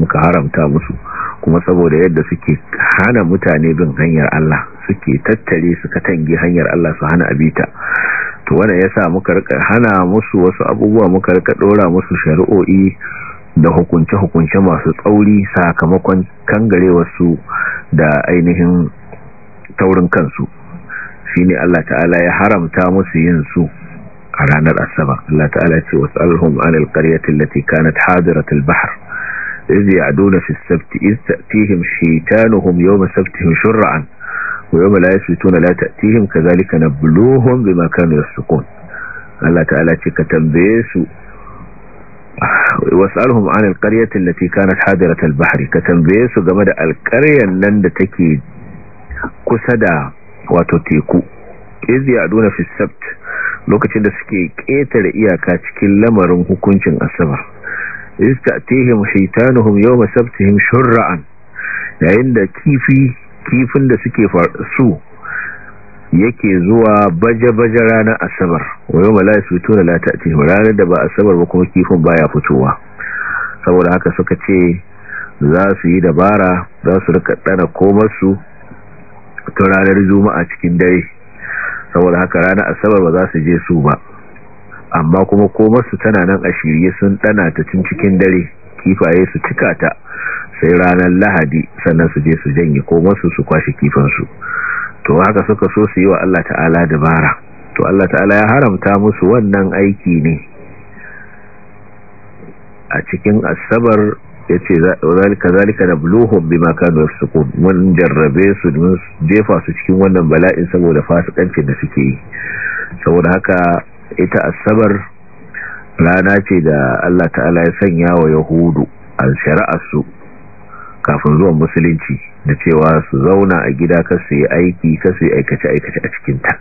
muka haramta musu kuma saboda yadda suke hana mutane bin hanyar Allah suke tattare suka tange hanyar Allah su hana abita to wanda ya sa muka rika hana musu wasu abubuwa muka rika dora musu shari'o'i da hukunce-hukunce masu tsauri sakamakon kangare wasu da ainihin taurin kansu shine Allah ta'ala ya haramta musu yin su a ranar asaba Allah ta'ala ce wasalhum anil qaryati allati kanat hadirat albahr izi a duna fi sabti iz ta'tihim shitanuhum yau masabtihim shura'an wa yawma la yafituna la ta'tihim kadhalika nabluhum bima kanu yafsukun Allah ta'ala ce ka tambaye su wasalhum an alqaryati allati kanat hadirat albahri ka tambaye su game da alqaryan nan da take kusa da wato teku iz ya'duna fi sabt lokacin da suke ƙetare iyaka cikin lamarin hukuncin asabar iz ta'tihim shaytanuhum yawma sabtihim shur'an yayin da kifi kifin da suke su yake zuwa baje-baje ranar asabar wayo ba su fito da ranar da ba asabar ba kuma kifin baya fitowa saboda haka suka ce za su yi dabara za su rika dana komarsu ta ranar juma'a cikin dare saboda haka ranar asabar ba za su je su ba amma kuma komarsu tana nan a shirye sun dana ta cikin dare kifaye su cika ta sai ranar lahadi sannan su je su janye ko masu su kwashe kifansu to haka suka so su yi wa Allah ta'ala dabara to Allah ta'ala ya haramta musu wannan aiki ne a cikin asabar ya ce zalika da bluhun bi makanu suku mun jarrabe su domin jefa su cikin wannan bala'in saboda fasikancin da suke yi saboda haka ita asabar rana ce da Allah ta'ala ya sanya wa yahudu a su kafin zuwan musulunci da cewa su zauna a gida kasu yi aiki kasu yi aikace-aikace a cikinta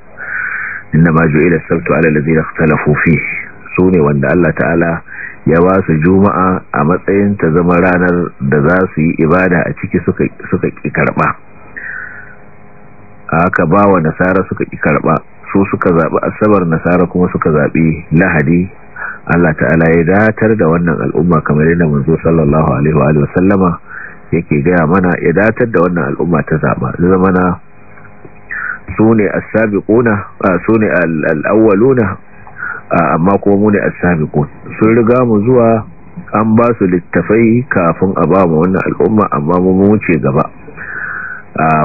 inda ma ju'ila sabtu ala lazina ikhtalafu su ne wanda Allah ta'ala ya ba su juma'a a matsayin ta zama ranar da za su yi ibada a ciki suka ƙi karɓa aka ba wa nasara suka ƙi karɓa su suka zaɓi asabar nasara kuma suka zaɓi lahadi Allah ta'ala ya datar da wannan al'umma kamar yadda manzo sallallahu alaihi wa sallama yake gaya mana ya datar da wannan al'umma ta zama zamana su ne as-sabiquna su ne al-awwaluna amma ko mu ne as-sabiqun sun riga mu zuwa an ba su littafai kafin a ba mu wannan al'umma amma mu wuce gaba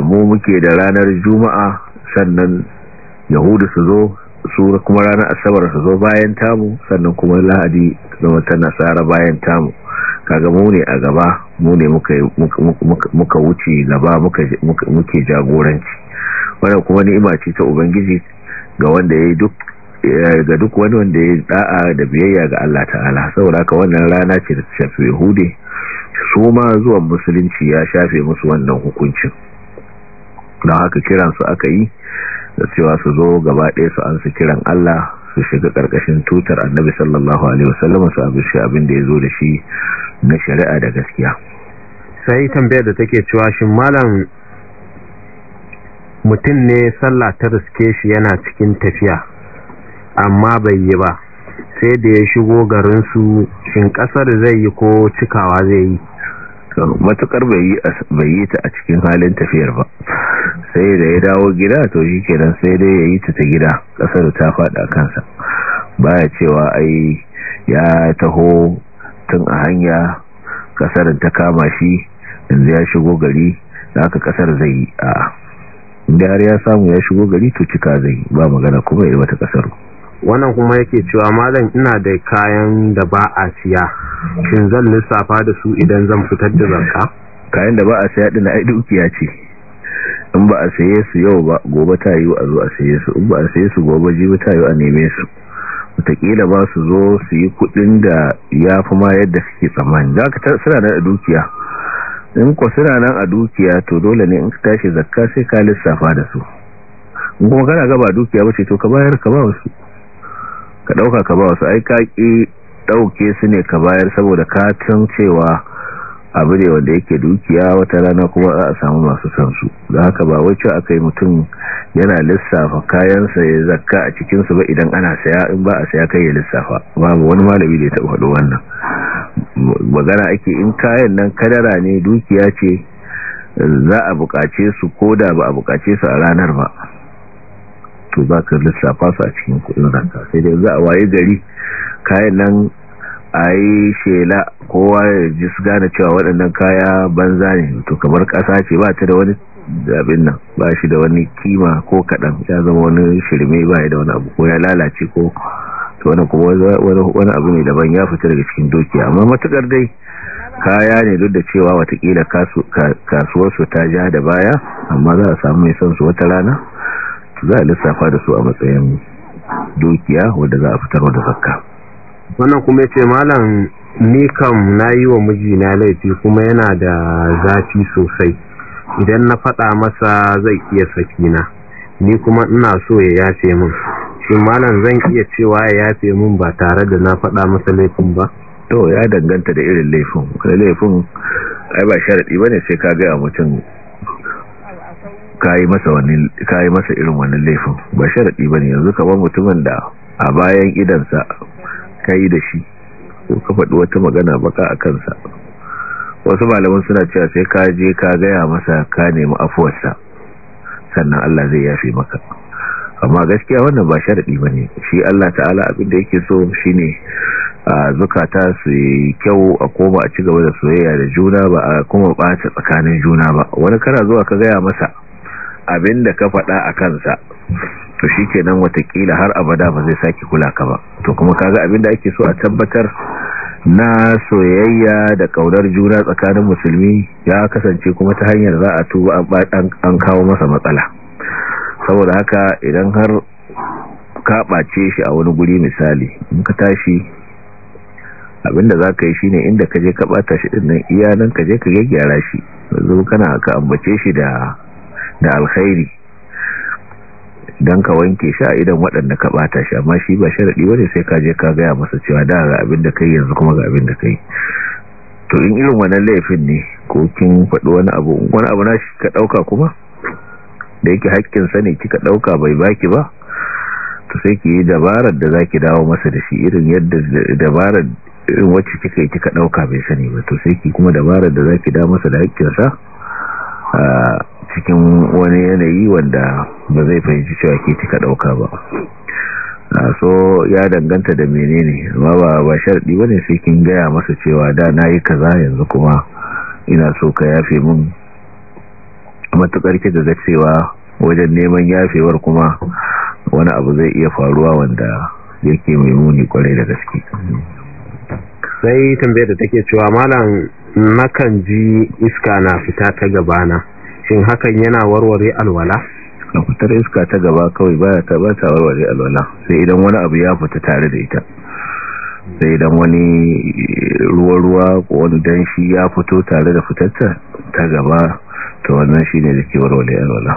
mu muke da ranar juma'a sannan yahudu su zo su kuma ranar asabar su zo bayan tamu sannan kuma lahadi zama ta nasara bayan tamu kaga mu ne a gaba mu ne muka wuce gaba muke jagoranci wadda kuma ni'ima ce ta ubangiji ga wanda ya duk eh, ga duk wani wanda ya da'a da biyayya ga Allah ta'ala saboda ka wannan rana ce da ta shafe hude su ma zuwan musulunci ya shafe musu wannan hukuncin don haka kiransu aka yi da cewa su zo gaba ɗaya su ansa kiran Allah su shiga ƙarƙashin tutar annabi sallallahu alaihi wasallam su abin shi abin da ya zo da shi na shari'a da gaskiya sai tambayar da take cewa shin malam mutum ne sallah ta riske shi yana cikin tafiya amma bai yi ba sai da ya shigo garin su shin ƙasar zai yi ko cikawa zai yi matukar bai yi ta a cikin halin tafiyar ba sai da ya dawo gida to shi kenan sai dai ya yi ta ta gida kasar ta fada kansa baya cewa ai ya taho tun a hanya kasar ta kama shi yanzu ya shigo gari da aka kasar zai yi a inda har ya samu ya shigo gari to cika zai ba magana kuma ya yi wata kasar wannan kuma yake cewa malam ina da kayan da ba a siya shin zan lissafa da su idan zan fitar da zakka kayan da ba a siya din ai dukiya ce in ba a saye su yau ba gobe ta yi a zo a saye su in ba a saye su gobe jibi ta yi a neme su wataƙila ba su zo su yi kuɗin da ya fi ma yadda suke tsammani za ka suna nan a dukiya in ku suna nan a dukiya to dole ne in ka tashi zakka sai ka lissafa da su in kuma kana gaba dukiya ba ce to ka bayar ka ba wasu ka dauka ka ba wasu aikaki dauke su ne ka bayar saboda ka cewa abu ne wanda yake dukiya wata rana kuma za a samu masu sansu su da haka ba wacce kai mutum yana lissafa kayansa ya zakka a cikinsu ba idan ana saya in ba a saya kai ya lissafa babu wani malami da ya taɓa faɗo wannan magana ake in kayan nan kadara ne dukiya ce za a buƙace su ko da ba a buƙace su a ranar ba to za ka lissafa su a cikin kudin zaka sai dai za a waye gari kayan nan a yi shela kowa ya ji su gane cewa waɗannan kaya banza ne to kamar ƙasa ce ba ta da wani zaɓin nan ba shi da wani kima ko kaɗan ya zama wani shirme ba ya da wani abu ko ya lalace ko to wani kuma wani abu ne daban ya fita daga cikin dukiya amma matukar dai kaya ne duk da cewa watakila kasuwarsu ta ja da baya amma za a samu mai son su wata rana za a lissafa da su a matsayin dukiya wadda za a fitar da zakka wannan kuma ce, malam ni kam yi wa mijina laifi kuma yana da zafi sosai idan na faɗa masa zai iya sakina ni kuma ina so ya yafe min shi malam zan iya cewa ya yafe min ba tare da na faɗa masa laifin ba to ya danganta da irin laifin kai laifin ai ba sharadi bane sai ka ga mutum kayi masa masa irin wani laifin ba sharadi bane yanzu kamar mutumin da a bayan idansa kai da shi ko ka faɗi wata magana baka a kansa wasu malaman suna cewa sai ka je ka gaya masa ka nemi afuwarsa sannan Allah zai yafe maka amma gaskiya wannan ba sharadi bane shi Allah ta'ala abin da yake so shine a zukata su yi kyau a koma a cigaba da soyayya da juna ba a kuma bata tsakanin juna ba wani kana zuwa ka gaya masa abin da ka faɗa a kansa to shi kenan watakila har abada ba zai sake kula ka ba to kuma kaga abin da ake so a tabbatar na soyayya da kaunar juna tsakanin musulmi ya kasance kuma ta hanyar za a tuba an kawo masa matsala saboda haka idan har ka ɓace shi a wani guri misali in ka tashi abinda za ka yi shi ne inda ka je ka ɓata shi ɗin nan iya ka je ka gyaggyara shi yanzu kana ka ambace shi da da alkhairi don ka wanke sha a idan waɗanda ka ɓata shi amma shi ba sharaɗi wani sai ka je ka gaya masa cewa da ga abin da kai yanzu kuma ga abin da kai to in irin wani laifin ne ko kin faɗi wani abu wani abu na shi ka ɗauka kuma da yake haƙƙinsa ne kika ɗauka bai baki ba to sai ki yi dabarar da zaki dawo masa da shi irin yadda dabarar irin wacce kika yi kika ɗauka bai sani ba to sai ki kuma dabarar da zaki dawo masa da haƙƙinsa ah, cikin wani yanayi wanda ba zai fahimci cewa ke cika dauka ba ah, so ya danganta da menene amma ba ba sharɗi bane sai kin gaya masa cewa da na yi kaza yanzu kuma ina so ka yafe mun matuƙar ke da wajen neman yafewar kuma wani abu zai iya faruwa wanda yake mai muni kwarai da gaske sai tambayar da take cewa malam nakan ji iska na fita ta gabana shin hakan yana warware alwala na fitar iska ta gaba kawai baya ta ba ta warware alwala sai idan wani abu ya fita tare da ita sai idan wani ruwa-ruwa ko wani danshi ya fito tare da fitarta ta gaba ta wannan shi ne da ke warware alwala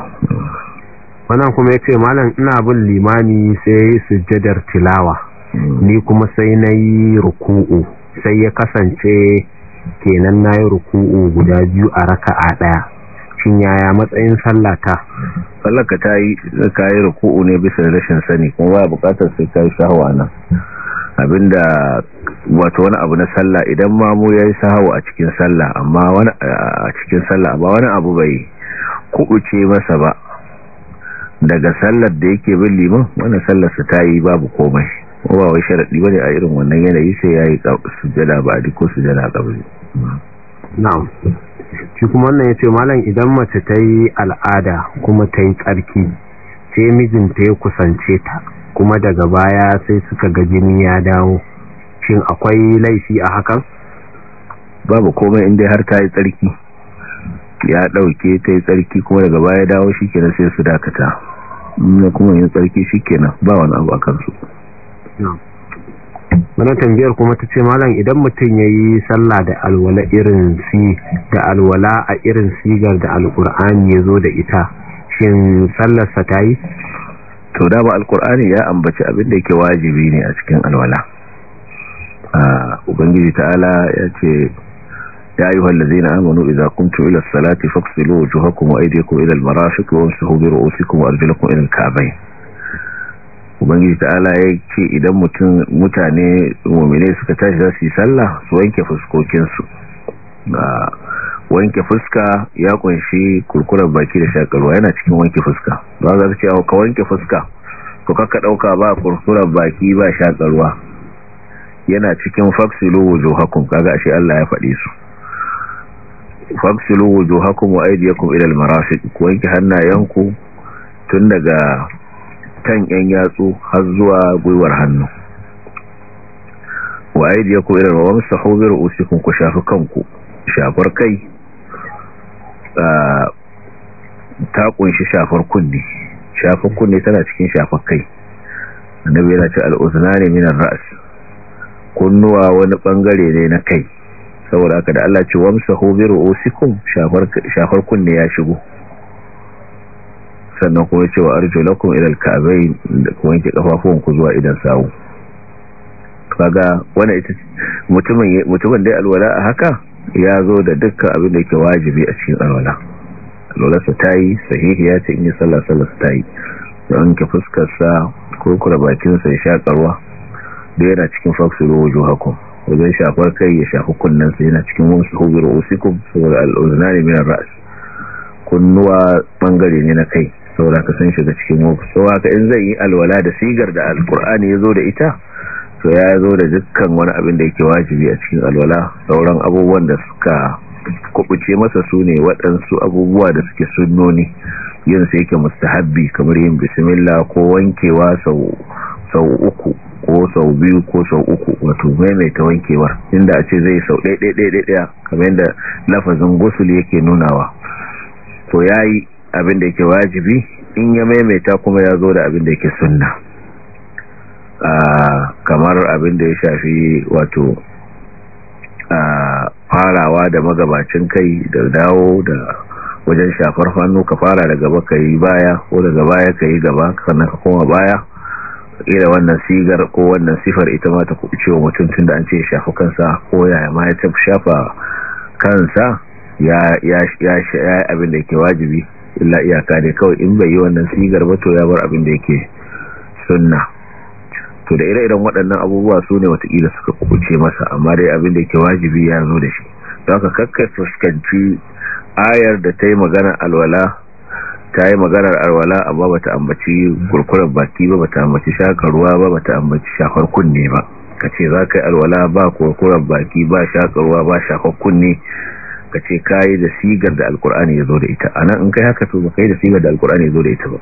wannan kuma ya ce malam ina bin limani sai sujjadar tilawa hmm. ni kuma sai na yi ruku'u sai ya kasance kenan na yi ruku'u guda biyu a raka'a ɗaya shin yaya matsayin sallata sallaka ta yi ka yi ruku'u ne bisa rashin sani kuma baya bukatar sai ka yi nan abinda wato wani abu na sallah idan mamu ya yi sahawa a cikin sallah amma wani a cikin sallah ba wani abu bai kuɓuce masa ba daga sallar da yake bin liman wannan su ta yi babu komai ba wai sharaɗi ba ne a irin wannan yanayi sai ya yi sujada ba a diko sujada ƙabri na'am shi kuma wannan ya ce malam idan mace ta yi al'ada kuma ta yi tsarki sai mijinta ya kusance ta kuma daga baya sai suka ga jini ya dawo shin akwai laifi a hakan babu komai inda har ta yi tsarki ya dauke ta yi tsarki kuma daga baya dawo shi kenan sai su dakata kuma yin tsarki shi kenan ba wani abu a kansu mana tambayar kuma ta ce malam idan mutum ya yi sallah da alwala irin si da alwala a irin sigar da alkur'ani ya zo da ita shin sallarsa ta yi? to da ba alkur'ani ya ambaci abin da yake wajibi ne a cikin alwala ubangiji ta'ala ya ce ya yi wallazi na amonu iza kuntu ila salati faksilu wujuhakum wa ila almarafiq wa amsahu bi ru'usikum wa arjulakum ila alka'bayn ubangiji ta'ala ya ce idan mutum mutane mummine suka tashi za su yi sallah su wanke fuskokinsu ah, wanke fuska ya kunshi kurkurar baki da shakarwa yana cikin wanke fuska ba za su ce ka wanke fuska ko kaka dauka ba kurkurar baki ba shakarwa yana cikin wuzo hakun kaga ashe Allah ya faɗi su wuzo hakun wa aydiyakum ila al-marafiq ku wanke hannayenku tun daga kan yan yatsu har zuwa gwiwar hannu wa aydiyakum ila al-wamsahu bi ru'usikum ku shafi kanku shafar kai ta kunshi shafar kunni shafar kunni tana cikin shafar kai annabi yana ce al-uznani min ar-ra's kunnuwa wani bangare ne na kai saboda haka da Allah ce wamsahu bi ru'usikum shafar shafar kunni ya shigo sannan kuma cewa arjulakum ila alka'bayn da kuma yake kafafuwan ku zuwa idan sawu kaga wannan ita mutumin mutumin ya alwala a haka ya zo da dukkan abin da yake wajibi a cikin alwala alwala sa sahihi sahihiya ce in yi sallah sallah ta yi don ke fuskar sa kurkura bakin sa ya shakarwa da yana cikin faksulu wujuhakum wajen shafar kai ya shafi kunnensa sa yana cikin wasu hujjar usikum saboda al'uzna ne min ras kunnuwa bangare ne na kai saboda ka san shiga cikin waqf saboda ka in zai yi alwala da sigar da alqur'ani yazo da ita to ya zo da dukkan wani abin da yake wajibi a cikin alwala sauran abubuwan da suka kubuce masa su ne waɗansu abubuwa da suke sunnoni yin sai yake mustahabbi kamar yin bismillah ko wankewa sau sau uku ko sau biyu ko sau uku wato maimaita wankewar inda a ce zai sau ɗaya ɗaya ɗaya kamar yadda lafazin gusul yake nunawa to yayi abin da yake wajibi in ya maimaita kuma ya zo da abin da ke sunna kamar abin da ya shafi wato farawa da magabacin kai da dawo da wajen shafar hannu ka fara da gaba ka yi baya ko daga baya ka yi gaba sannan ka koma baya ira wannan sigar ko wannan sifar ita ma ta kuɓi wa mutum tun da an ce shafa kansa ko ya ma ya shafa kansa ya ya abin da ke wajibi illa iyaka dai kawai in bai yi wannan sigar ba to ya bar abin da yake sunna to da ire-iren waɗannan abubuwa su ne watakila suka kuce masa amma dai abin da yake wajibi ya zo da shi don ka kakka fuskanci ayar da ta yi maganar alwala ta yi maganar alwala amma ta ambaci kurkurar baki ba ba ta ambaci shakar ruwa ba ta ambaci shakar kunne ba ka ce za ka yi alwala ba kurkurar baki ba shakar ruwa ba shakar kunne ka ce kayi da sigar da alkur'ani ya zo da ita anan in kai haka to ba kai da sigar da alkur'ani ya zo da ita ba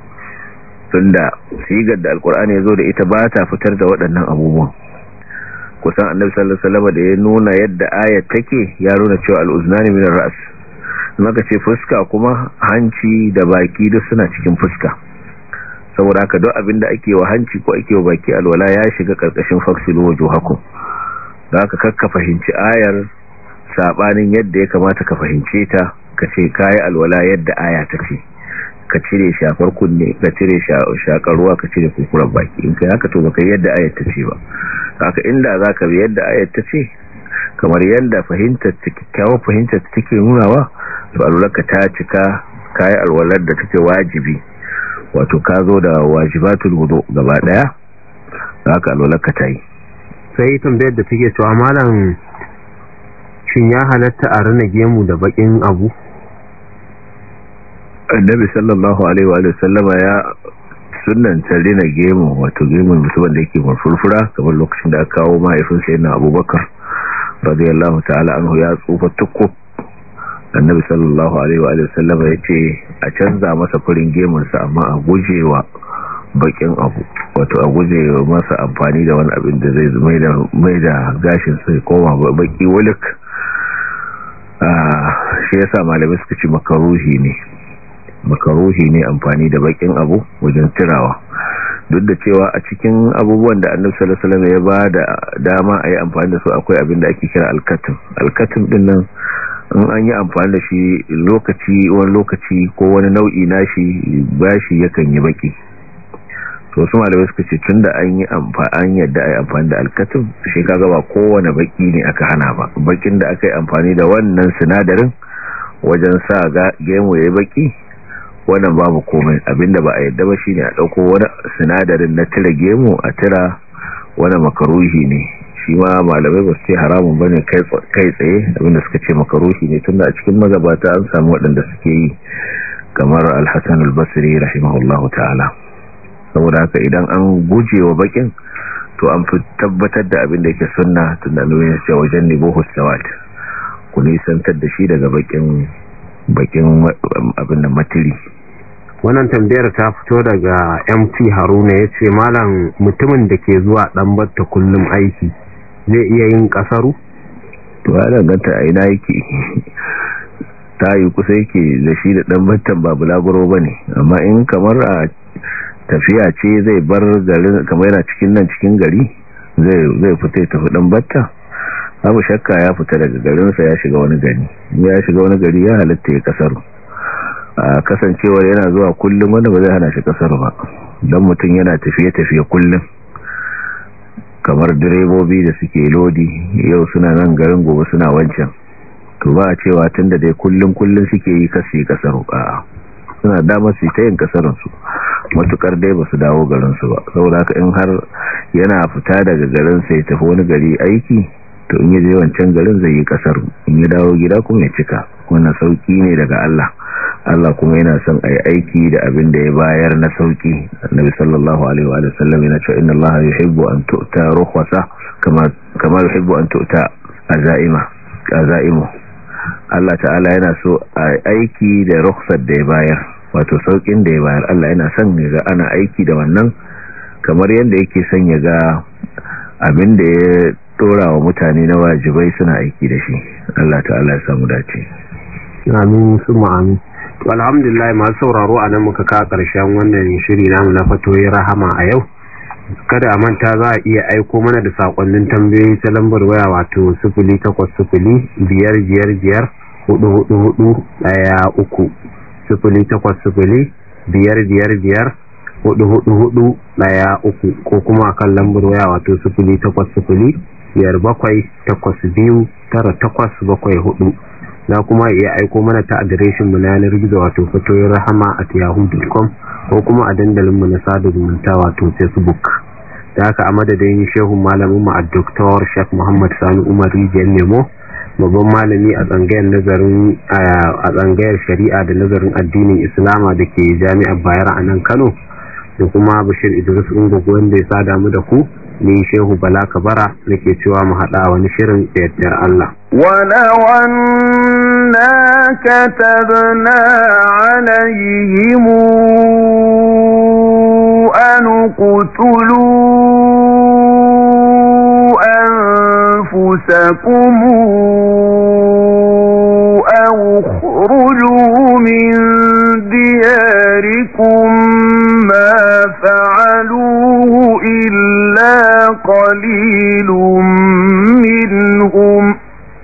tunda sigar da alkur'ani ya zo da ita ba ta fitar da waɗannan abubuwan kusan annabi sallallahu alaihi wasallam da ya nuna yadda aya take ya nuna cewa al-uznani min ar-ra's maka ce fuska kuma hanci da baki duk suna cikin fuska saboda haka duk da ake wa hanci ko ake wa baki alwala ya shiga karkashin faksilu wujuhakum da haka kakka fahimci ayar sabanin yadda ya kamata ka fahimce ta ka ce kayi alwala yadda aya ta ce ka cire shafar kunne ka cire shakar ruwa ka cire kukuran baki in kai haka to baka yadda aya ta ce ba haka inda ka bi yadda aya ta ce kamar yadda fahimtar ta fahimtar take nunawa to ka ta cika kayi alwalar da take wajibi wato ka zo da wajibatul wudu gaba daya haka ka ta yi sai tambayar da take cewa malam shin ya halatta a rana gemu da bakin abu annabi sallallahu alaihi wa sallama ya sunanta rina gemu wato gemun mutumin da yake mafurfura kamar lokacin da aka kawo mahaifinsa yana abubakar radiyallahu ta'ala anhu ya tsufa tukku annabi sallallahu alaihi wa sallama ya ce a canza masa farin gemunsa amma a gujewa bakin abu wato a guje masa amfani da wani abin da zai mai da gashin sai koma baki wulik Ah, shi yasa malamai suka ci makaruhi ne makaruhi ne amfani da bakin abu wajen tirawa duk da cewa a cikin abubuwan da annabi sallallahu alaihi wasallam ya ba da dama a yi amfani da su akwai abin da ake kira alkatim alkatim din nan in an yi amfani da shi lokaci wani lokaci ko wani nau'i nashi bashi yakan yi baki to wasu malamai suka ce tunda an yi amfani yadda ai amfani da alkatun shi kaga ba kowane baki ne aka hana ba bakin da aka yi amfani da wannan sinadarin wajen sa ga gemu yayi baki wannan babu komai abinda ba a yadda ba shine a ɗauko wani sinadarin na tira gemu a tira wani makaruhi ne shi ma malamai ba su ce haramun bane kai tsaye abinda suka ce makaruhi ne tunda a cikin magabata an samu waɗanda suke yi kamar alhassan albasiri rahimahullahu ta'ala saboda haka idan an guje wa bakin to an fi tabbatar da abin da yake sunna tunanin ya ce wajen nebo hussawat ku nisantar da shi daga bakin bakin abin da matiri wannan tambayar ta fito daga mt haruna ya ce malam mutumin da ke zuwa batta kullum aiki zai iya yin kasaru. to ya danganta a ina yake ta yi kusa yake da shi da batta ba bulaguro ba ne amma in kamar a tafiya ce zai bar garin kamar yana cikin nan cikin gari zai fita ta tafi batta abu shakka ya fita daga garin sa ya shiga wani gari ya shiga wani gari ya halatta ya kasaru a kasancewar yana zuwa kullum wanda ba zai hana shi kasaru ba don mutum yana tafiye-tafiye kullum kamar direbobi da suke lodi yau suna nan garin gobe suna wancan to ba a cewa tun da dai kullum kullum suke yi kasi kasaru a'a suna dama su ta yin kasaransu matukar dai ba su dawo garinsu ba saboda haka in har yana fita daga garinsa ya tafi wani gari aiki to in je wancan garin zai yi kasar in ya dawo gida kuma ya cika wannan sauki ne daga Allah Allah kuma yana son ayi aiki da abin da ya bayar na sauki annabi sallallahu alaihi wa sallam yana cewa inna Allah yuhibbu an tu'ta rukhwasa kama kama yuhibbu an tu'ta azaima azaimu Allah ta'ala yana so ayi aiki da rukhsar da ya bayar wato saukin da ya bayar Allah yana son ya ga ana aiki da wannan kamar yadda yake son ya ga abin da ya tora wa mutane na wajibai suna aiki da shi Allah ta'ala ya samu dace amin summa amin alhamdulillah masu sauraro a nan muka ka karshen wannan shiri namu na fatoyi rahama a yau kada a manta za a iya aiko mana da sakonnin tambayoyi ta lambar waya wato biyar ɗaya uku sifili takwas sifili biyar biyar biyar hudu hudu hudu daya uku ko kuma akan lambar waya wato sifili takwas sifili biyar bakwai takwas biyu tara takwas bakwai hudu za kuma iya aiko mana ta adireshin mu na yanar gizo wato fatoyin rahama a yahoo.com ko kuma a dandalin mu na sada zumunta wato facebook da haka a madadin shehun malamin mu a dr shek muhammad sani umar rijiyar nemo babban malami a tsangayar nazarin a tsangayar shari'a da nazarin addinin islama da ke jami'ar bayar a nan kano da kuma bashir idris ungogo wanda ya sada mu da ku ni shehu bala kabara nake cewa mu haɗa wani shirin da allah كتبنا عليهم أن kutulu? أنفسكم أو اخرجوا من دياركم ما فعلوه إلا قليل منهم